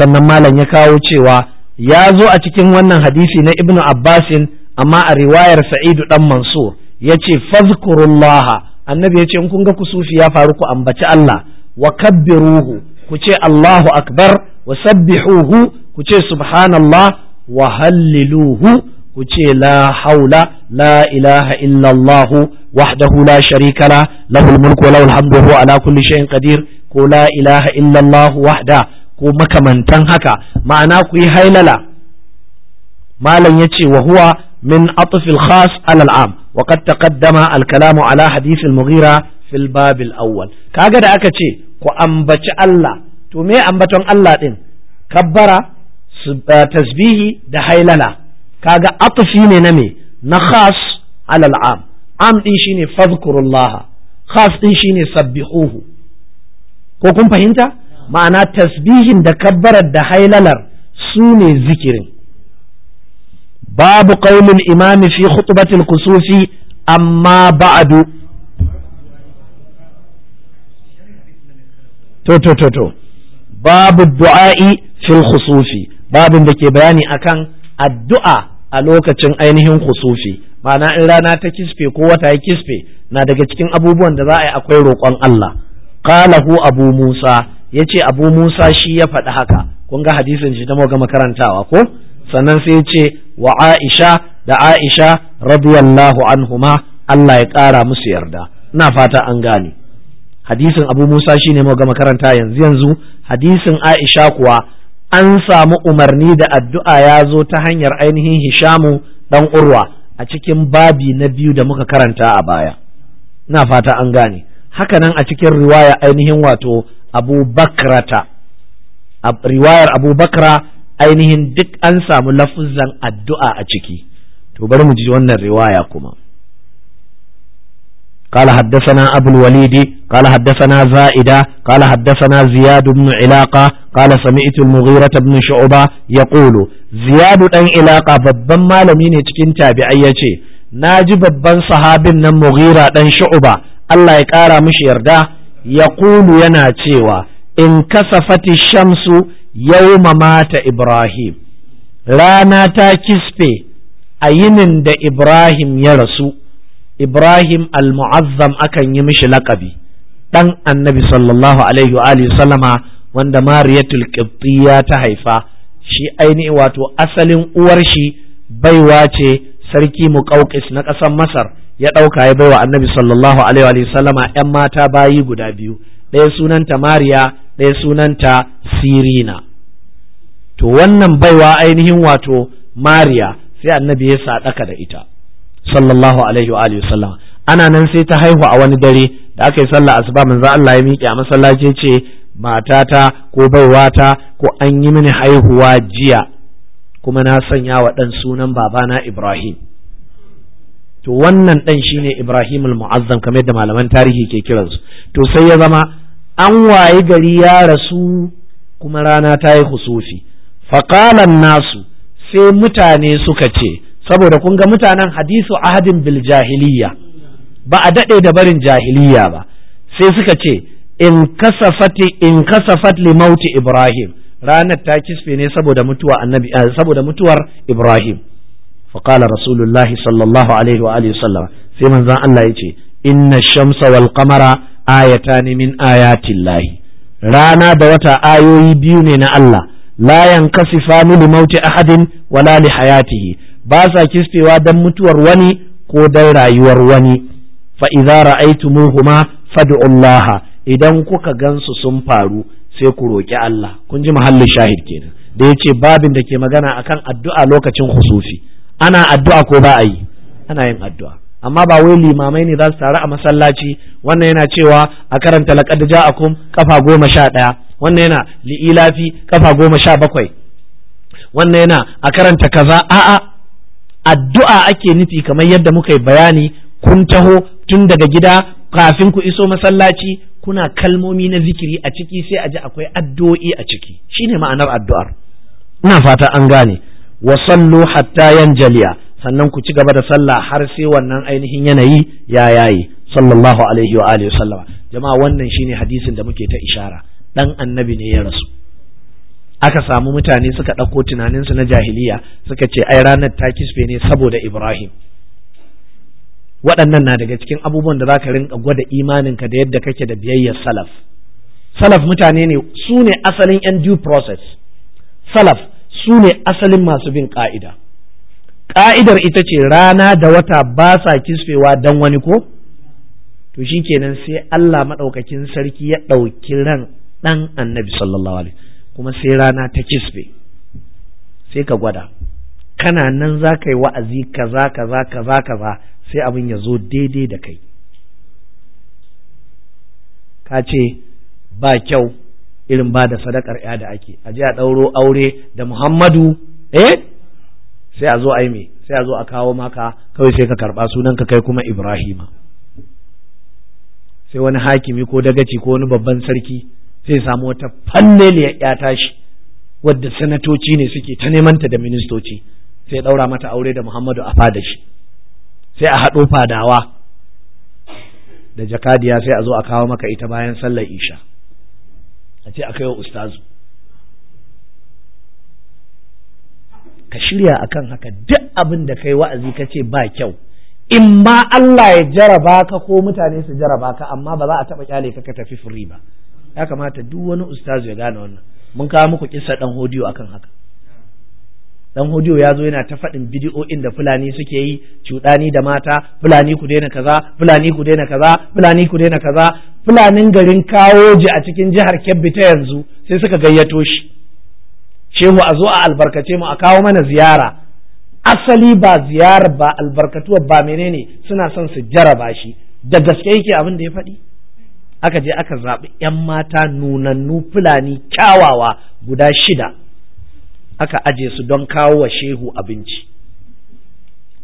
Speaker 1: sannan malam ya kawo cewa ya zo a cikin wannan hadisi na ibnu abbasin amma a riwayar sa'idu dan mansur ya ce fazkurullaha annabi ya ce in kun ga sufi ya faru ku ambaci Allah wa kabbiruhu ku ce Allahu akbar wa sabbihuhu ku ce subhanallah wa halliluhu ku ce la haula la ilaha illallah wahdahu la sharika la lahul mulku lahul hamdu huwa ala kulli shay'in qadir ko la ilaha illallah wahda ko makamantan haka ma'ana ku yi hailala malam yace wa huwa min atfil khas alal al'am wa qad taqaddama al-kalamu ala hadith al-mughira fi al-bab al-awwal kaga da aka ce ku ambaci Allah to me ambaton Allah din kabbara eh, tasbihi da hailala kaga atfi ne na me na khas alal am am din shine fadhkurullah khas din shine sabbihuhu ko kun fahimta ma'ana tasbihin da kabbarar da hailalar su ne zikirin babu qaulul imami fi khutbatil kusufi amma ba'du to to to to babu du'a'i fil khusufi babin da ke bayani akan addu'a a lokacin ainihin kusufi ma'ana in rana ta kisfe ko wata ya kisfe na daga cikin abubuwan da za a yi akwai roƙon Allah qalahu abu musa yace abu musa shi ya faɗi haka kun ga hadisin shi da muka makarantawa ko sannan sai yace wa aisha da aisha radiyallahu anhuma Allah ya ƙara musu yarda ina fata an gane hadisin abu musa shine muka makaranta yanzu yanzu hadisin aisha kuwa an samu umarni da addu'a ya zo ta hanyar ainihin hishamu dan urwa a cikin babi na biyu da muka karanta a baya ina fata an gane hakanan a cikin riwaya ainihin wato abu bakrata riwayar abu bakra ainihin duk an samu lafuzan addu'a a ciki to bari mu ji wannan riwaya kuma قال حدثنا أبو الوليد قال حدثنا زائدة قال حدثنا زياد بن علاقة قال سمعت المغيرة بن شعبة يقول زياد ɗan علاقة babban malami ne cikin tabi'ai yace ji babban sahabin nan Mughira ɗan Shu'ba Allah ya kara mishi yarda yaqulu yana cewa in kasa kasafati shamsu yawma mata Ibrahim rana ta kisfe a yinin da Ibrahim ya rasu Ibrahim al akan yi mishi laƙabi dan Annabi sallallahu alaihi wa sallama wanda mariyatul qibtiyya ta haifa shi ainihi wato asalin uwar shi baiwa ce sarki muqawqis na ƙasar masar ya ɗauka ya baiwa annabi sallallahu alaihi wa sallama ƴan mata bayi guda biyu ɗaya sunanta mariya ɗaya sunanta sirina to wannan baiwa ainihin wato mariya sai annabi ya sadaka da ita sallallahu alaihi wa alihi ana nan sai ta haihu a wani dare da aka yi sallah asuba manzo Allah ya miƙe a masallaci ce matata ko baiwata ko an yi mini haihuwa jiya kuma na sanya wa ɗan sunan babana Ibrahim. To wannan ɗan shine Ibrahim al-Mu'azzam kamar yadda malaman tarihi ke kiransu. To sai ya zama an wayi gari ya rasu kuma rana ta yi husufi. Faƙalan nasu sai mutane suka ce, saboda kun ga mutanen hadisu ahadin bil jahiliya ba a daɗe da barin jahiliya ba, sai suka ce, in kasafati in kasafat li mauti ibrahim ranar ta kisfe ne saboda mutuwa annabi eh, saboda mutuwar ibrahim fa qala rasulullah sallallahu alaihi wa alihi sallam sai manzon Allah yace inna shamsa wal qamara ayatani min ayatillahi rana da wata ayoyi biyu ne na Allah la yankasifani li mauti ahadin wala li hayatihi ba sa kisfewa dan mutuwar wani ko dan rayuwar wani fa idza ra'aytumuhuma fad'u Allah idan kuka gansu sun faru sai ku roƙi Allah kun ji muhallin shahid kenan da yace babin da ke magana akan addu'a lokacin husufi ana addu'a ko ba a yi ana yin addu'a amma ba wai limamai ne za su taru a masallaci wannan yana cewa a karanta laqad ja'akum kafa goma sha ɗaya wannan yana li'ilafi kafa goma sha bakwai wannan yana a karanta kaza a'a addu'a ake nufi kamar yadda muka yi bayani kun taho tun daga gida kafin ku iso masallaci kuna kalmomi na zikiri a ciki sai a ji akwai addu'o'i a ciki shine ma'anar addu'ar ina fata an gane wa sallu hatta yanjaliya sannan ku ci gaba da sallah har sai wannan ainihin yanayi ya yayi sallallahu alaihi wa alihi sallama jama'a wannan shine hadisin da muke ta ishara dan annabi ne ya rasu aka samu mutane suka ɗauko tunaninsu na jahiliya suka ce ai ranar ta kisfe ne saboda Ibrahim waɗannan na daga cikin abubuwan da za ka rinka gwada imaninka da yadda kake da biyayyar salaf salaf mutane ne su ne asalin yan due process salaf su ne asalin masu bin ƙa'ida. Ƙa'idar ita ce rana da wata ba sa kisfewa dan wani ko to shi kenan sai Allah maɗaukakin sarki ya ɗauki ran ɗan annabi sallallahu alaihi kuma sai rana ta kisbe sai ka gwada kana nan za ka yi wa'azi kaza kaza kaza kaza sai abin ya zo daidai da kai ka ce ba kyau irin ba da sadakar ya da ake a a ɗauro aure da muhammadu eh sai a zo a yi me sai a zo a kawo maka kawai sai ka karɓa sunan ka kai kuma ibrahima sai wani hakimi ko dagaci ko wani babban sarki sai samu wata fannin ya tashi wadda sanatoci ne suke ta nemanta da ministoci sai ɗaura mata aure da muhammadu a fada shi sai a haɗo fadawa da jakadiya sai a zo a kawo maka ita bayan sallar isha a ce a kai wa ustazu ka shirya akan haka duk abin da kai wa'azi ka ce ba kyau in ma Allah ya jaraba ka ko mutane su jaraba ka amma ba za a taɓa kyale ka ka tafi firi ba ya kamata duk wani ustazu ya gane wannan mun kawo muku kissa ɗan hodiyo akan haka dan hodiyo ya zo yana ta faɗin bidiyo'in da fulani suke yi cuɗani da mata fulani ku daina kaza fulani ku daina kaza fulani ku daina kaza fulanin garin kawoji a cikin jihar kebbi ta yanzu sai suka gayyato shi Shehu a zo a albarkace mu a kawo mana ziyara asali ba ziyara ba albarkatuwa ba menene suna son su jaraba shi da gaske yake abin da ya faɗi aka je aka zaɓi 'yan mata nunannu fulani kyawawa guda shida aka aje su don kawo wa shehu abinci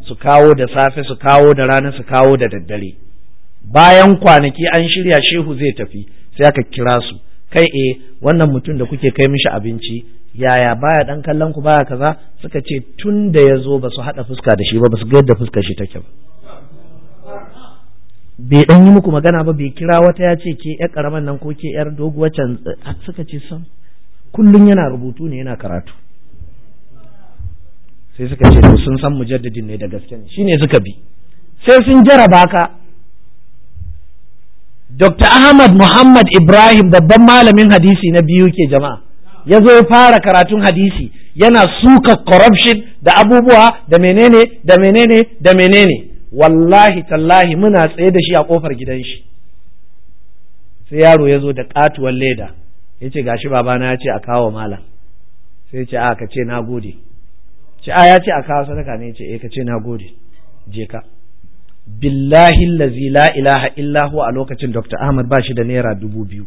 Speaker 1: su kawo da safe su kawo da rana su kawo da daddare bayan kwanaki an shirya shehu zai tafi sai aka kira su kai eh wannan mutum da kuke kai mishi abinci yaya baya dan kallon ku baya kaza suka ce tun da ya zo ba su haɗa fuska da shi ba ba su ga yadda fuskar shi take ba bai dan yi muku magana ba bai kira wata ya ce ke yar karaman nan ko ke yar doguwar can suka ce sam kullum yana rubutu ne yana karatu sai suka ce to sun san mujaddadin ne da gaske ne shine suka bi sai sun jaraba ka Dr. Ahmad Muhammad Ibrahim babban malamin hadisi na biyu ke jama'a ya zo ya fara karatun hadisi yana suka corruption da abubuwa da menene da menene da menene wallahi tallahi muna tsaye da shi a kofar gidan shi sai yaro ya zo da katuwar leda ya ce gashi babana ya ce a kawo malam sai ce a ka ce na gode ce a ya ce a kawo sadaka ne ce eh ka ce na gode je ka billahi lazi la ilaha illahu a lokacin dr ahmad ba shi da naira dubu biyu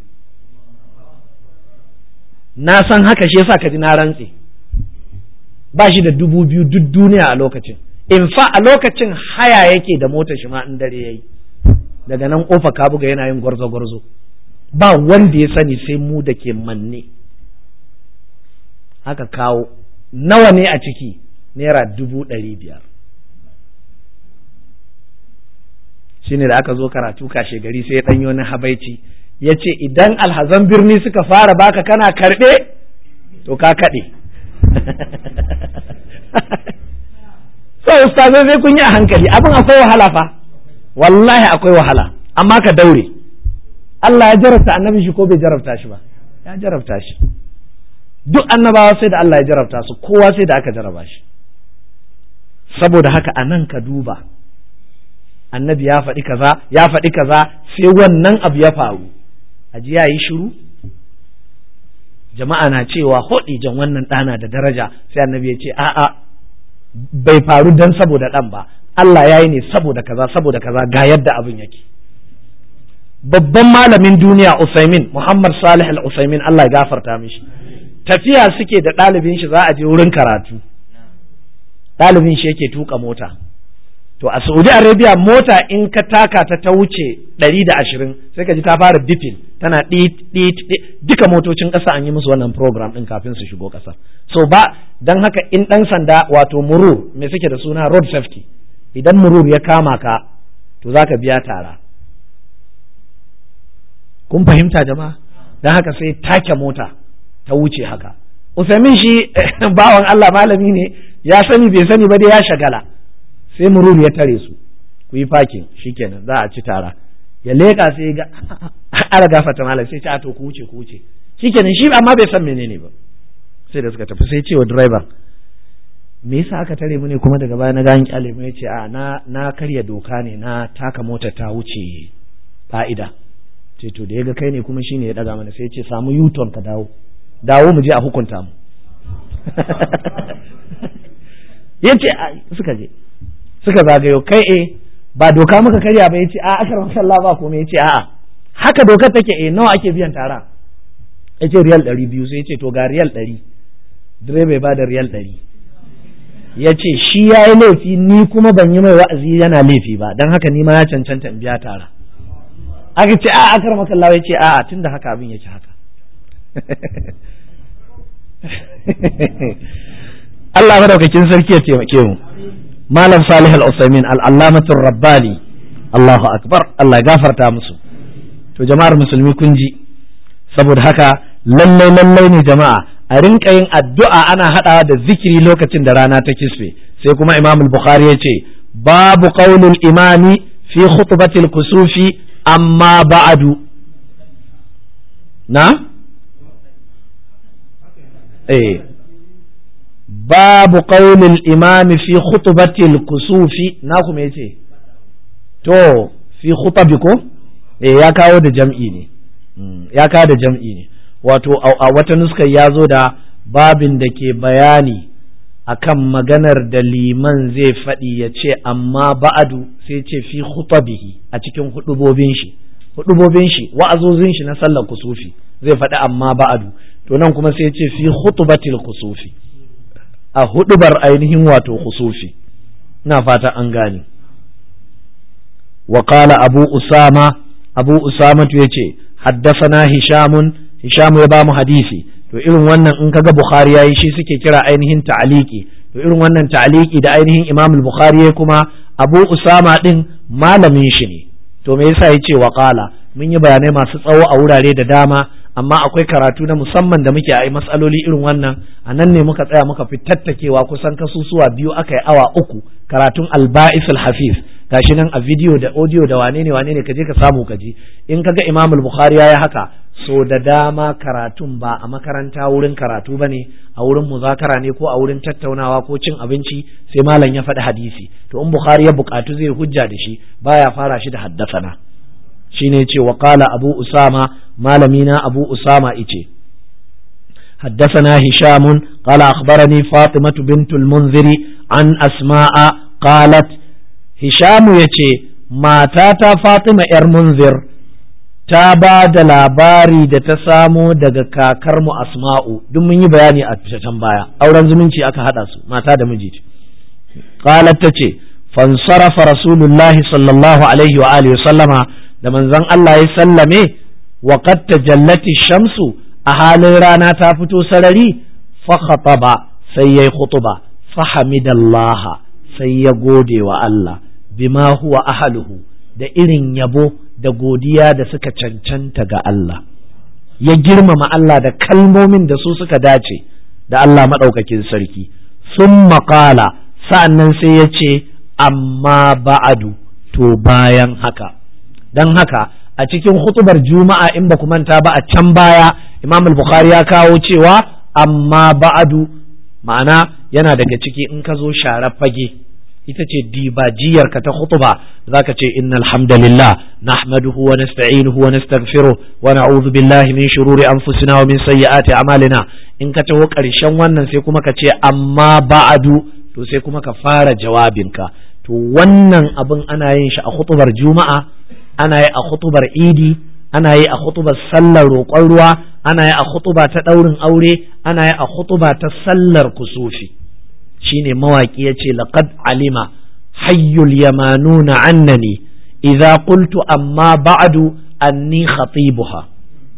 Speaker 1: na san haka shi yasa ka ji na rantse ba shi da dubu biyu duk duniya a lokacin in fa a lokacin haya yake da motar shi ma in dare yayi daga nan kofa ka buga yana yin gwarzo gwarzo ba wanda ya sani sai mu da ke manne haka kawo nawa ne a ciki naira dubu ɗari biyar shine da aka zo karatu kashe gari sai ɗanyo na habaici ya ce idan alhazan birni suka fara baka kana karɓe to ka kaɗe so ustazai zai kun yi a hankali abin akwai wahala fa wallahi akwai wahala amma ka daure Allah ya jarabta annabin shi ko bai jarabta shi ba ya jarabta shi duk annabawa sai da Allah ya jarabta su kowa sai da aka jaraba shi saboda haka a nan ka duba annabi ya faɗi kaza ya faɗi kaza sai wannan abu ya faru a ji ya yi shiru jama'a na cewa hoɗi jan wannan ɗana da daraja sai annabi ya ce a'a bai faru dan saboda ɗan ba Allah ya yi ne saboda kaza saboda kaza ga yadda abin yake babban malamin duniya Usaimin Muhammad Salih al-Usaimin Allah ya gafarta mishi tafiya suke da ɗalibin shi za a je wurin karatu ɗalibin shi yake tuka mota to a saudi arabia mota in ka taka ta ta wuce ɗari da ashirin sai ka ji ta fara bipin tana ɗit motocin ƙasa an yi musu wannan program ɗin kafin su shigo ƙasa so ba don haka in ɗan sanda wato murur me suke da suna road safety idan murur ya kama ka to za ka biya tara kun fahimta jama'a don haka sai take mota ta wuce haka usamin shi bawan allah malami ne ya sani bai sani ba dai ya shagala sai murur ya tare su ku yi fakin shikenan za a ci tara ya leƙa sai ga ala gafata malam sai ta to ku wuce ku wuce shikenan shi amma bai san menene ba sai da suka tafi sai ce wa driver me yasa aka tare mu ne kuma daga baya na ga an kyale mu yace a na na karya doka ne na taka mota ta wuce fa'ida ce to da ga kai ne kuma shine ya daga mana sai yace samu yuton ka dawo dawo mu je a hukunta mu yace suka je suka zagayo kai eh ba doka muka karya ba yace a akar masalla ba ya yace a'a haka dokar take eh nawa ake biyan tara yace riyal 200 sai yace to ga riyal 100 direba ba da riyal 100 yace shi yayi laifi ni kuma ban yi mai wa'azi yana laifi ba dan haka ni ma ya cancanta in biya tara aka ce a akar ya ce a'a tunda haka abin ya ci haka Allah madaukakin sarki ya taimake mu malam salih al-usaimin al-allamatur rabbani Allahu akbar Allah gafarta musu to jama'ar musulmi kun ji saboda haka lallai lallai ne jama'a a rinka yin addu'a ana hadawa da zikiri lokacin da rana ta kisfe sai kuma imam al-bukhari ya ce babu qaulul imani fi khutbatil kusufi amma ba'adu na eh babu ƙaunin imami fi khutbatil kusufi naku me yace to fi khutabi ko eh ya kawo da jam'i ne mm, ya kawo da jam'i ne wato a wata nuskar ya zo da babin da ke bayani akan maganar da liman zai faɗi ya ce amma ba'adu sai ce fi khutabihi a cikin hudubobin shi hudubobin shi wa'azozin shi na sallar kusufi zai faɗi amma ba'adu to nan kuma sai ce fi khutbatil kusufi a hudubar ainihin wato kusufi ina fata an gane abu usama أسامة أبو أسامة hishamun hishamu ya ba mu hadisi. to irin wannan in kaga Bukhari yayi shi suke kira ainihin ta'aliki to irin wannan ta'aliki da ainihin Imam Bukhari ya kuma Abu Usama din malamin shi ne to me yasa yace wa Wakala mun yi bayanai masu tsawo a wurare da dama amma akwai karatu na musamman da muke a'yi matsaloli irin wannan a nan ne muka tsaya muka fi tattakewa kusan kasusuwa biyu aka yi awa uku karatun alba'isul hafiz gashi nan a video da audio da wane ne wane ne kaje ka samu kaji in kaga imam al-bukhari yayi haka so da dama karatun ba a makaranta wurin karatu bane a wurin muzakara ne ko a wurin tattaunawa ko cin abinci sai malam ya faɗi hadisi to in bukhari ya bukatu zai hujja da shi baya fara shi da haddasana shine yace wa qala abu usama malami na abu usama ice حدثنا هشام قال أخبرني فاطمة بنت المنذر عن أسماء قالت هشام يتي ما تاتا فاطمة إر منذر ta ba da labari da ta samo daga kakarmu asma'u duk mun yi bayani a can baya auren zumunci aka haɗa su mata da miji qalat ta ce fansarafa rasulullahi sallallahu alaihi wa alihi da manzon Allah ya sallame wa qad tajallati shamsu a halin rana ta fito sarari fa khataba sai yayi khutba fa hamidallaha sai ya gode wa Allah bima huwa ahluhu da irin yabo da godiya da suka cancanta ga Allah ya girmama Allah da kalmomin da su suka dace da Allah maɗaukakin sarki sun maƙala sa'annan sai ya ce amma ba'adu to bayan haka don haka a cikin hutubar juma'a in ba ku manta ba a can baya imam al-bukhari ya kawo cewa amma ba'adu ma'ana yana daga ciki in ka zo sharar fage ita ce dibajiyarka ta Za zaka ce innal hamdalillah nahmaduhu wa nasta'inuhu wa nastaghfiruh wa na'udhu billahi min shururi anfusina wa min sayyiati a'malina in ka taho karshen wannan sai kuma ka ce amma ba'adu to sai kuma ka fara jawabinka to wannan abin ana yin shi a khutubar juma'a ana yi a hutubar idi ana yi a hutubar sallar roƙon ruwa ana yi a hutuba ta ɗaurin aure ana yi a hutuba ta sallar kusufi shine mawaki ya ce laqad alima hayyul yamanuna annani idza qultu amma ba'du anni khatibuha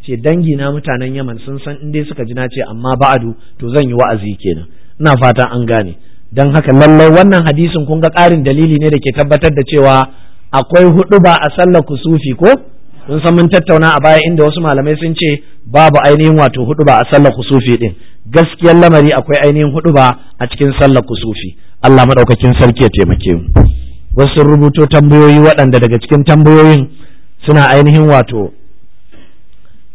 Speaker 1: ce dangi na mutanen yaman sun san in suka ji na ce amma ba'adu to zan yi wa'azi kenan ina fata an gane dan haka lallai wannan hadisin kun ga ƙarin dalili ne da ke tabbatar da cewa akwai hudu ba a sallar kusufi ko sun san mun tattauna a baya inda wasu malamai sun ce babu ainihin wato hudu ba a sallar kusufi din gaskiyar lamari akwai ainihin hudu ba a cikin sallar kusufi Allah madaukakin sarki ya taimake mu wasu rubuto tambayoyi waɗanda daga cikin tambayoyin suna ainihin wato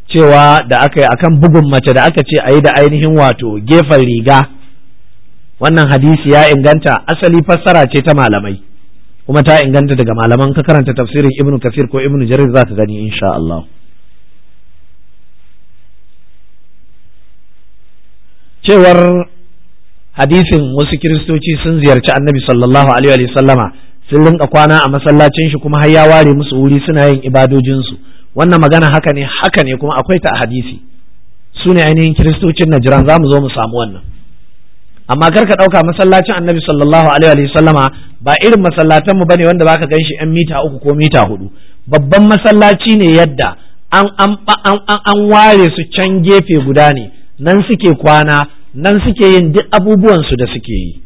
Speaker 1: cewa da aka yi akan bugun mace da aka ce a yi da ainihin wato gefen riga wannan hadisi ya inganta asali fassara ce ta malamai kuma ta inganta daga malaman ka karanta tafsirin ibnu kafir ko ibnu jarir za ka gani insha Allah cewar hadisin wasu kiristoci sun ziyarci annabi sallallahu alaihi wa sallama sun rinka kwana a masallacin shi kuma har ya ware musu wuri suna yin ibadojinsu wannan magana haka ne haka ne kuma akwai ta a hadisi su ne ainihin kiristocin najiran za mu zo mu samu wannan amma kar ka ɗauka masallacin annabi sallallahu alaihi wa sallama ba irin masallatan mu bane wanda baka ganshi yan mita uku ko mita hudu babban masallaci ne yadda an an an an ware su can gefe guda ne nan suke kwana nan suke yin duk abubuwan su da suke yi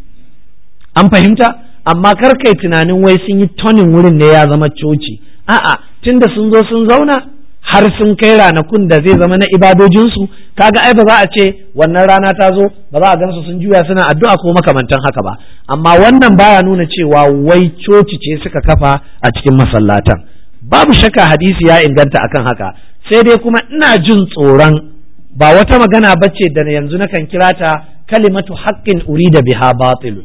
Speaker 1: an fahimta amma kar kai tunanin wai sun yi tonin wurin ne ya zama coci a'a tunda sun zo sun zauna har sun kai ranakun da zai zama na ibadojinsu kaga ai ba za a ce wannan rana ta zo ba za a gansu sun juya suna addu'a ko makamantan haka ba amma wannan baya nuna cewa wai coci ce suka kafa a cikin masallatan babu shakka hadisi ya inganta akan haka sai dai kuma ina jin tsoron ba wata magana bace da yanzu nakan kira ta kalimatu haqqin urida biha batil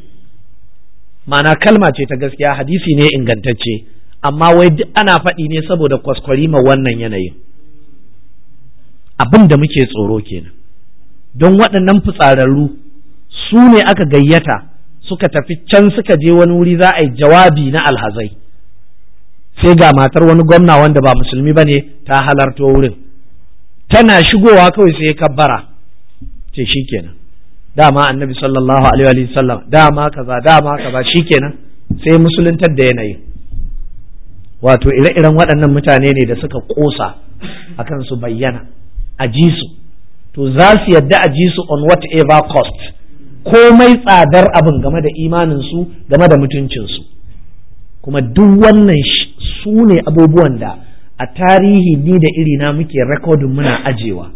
Speaker 1: ma'ana kalma ce ta gaskiya hadisi ne ingantacce amma wai duk ana faɗi ne saboda kwaskwarima wannan yanayin abin da muke tsoro kenan don waɗannan fitsararru su ne aka gayyata suka tafi can suka je wani wuri za a yi jawabi na alhazai sai ga matar wani gwamna wanda ba musulmi ba ne ta halarto wurin tana shigowa kawai sai kabbara ce kenan dama annabi sallallahu alaihi wa sallam dama kaza dama kaza shi kenan, sai musuluntar da yanayin wato ire-iren waɗannan mutane ne da suka ƙosa akan su bayyana a ji su to za su yadda a ji su on whatever cost komai tsadar abin game da imaninsu game da mutuncinsu kuma duk wannan su ne abubuwan da a tarihi ni da iri na muke rekodin muna ajewa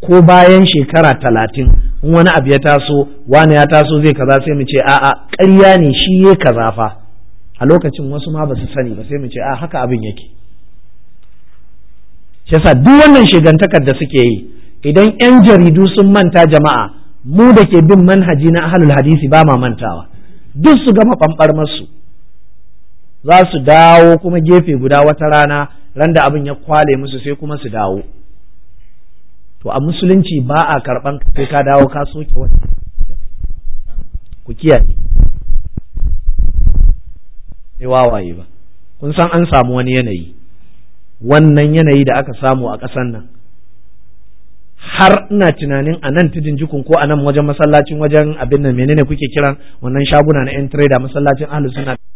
Speaker 1: ko bayan shekara talatin in wani abu ya taso wani ya taso zai kaza sai mu ce a'a ƙarya ne shi ya kaza fa a lokacin wasu ma ba su sani ba sai mu ce a ah, haka abin yake shi yasa duk wannan shigantakar da suke yi idan yan jaridu sun manta jama'a mu da ke bin manhaji na ahlul hadisi ba ma mantawa duk su gama bambar masu za su dawo kuma gefe guda wata rana ran da abin ya kwale musu sai kuma su dawo to a musulunci ba a karɓan sai ka dawo ka soke wata ku kiyaye sai wawaye ba kun san an samu wani yanayi wannan yanayi da aka samu a ƙasan nan har ina tunanin a nan tudun jikun ko a nan wajen masallacin wajen abin nan menene kuke kiran wannan shaguna na 'yan trader masallacin ahlus sunna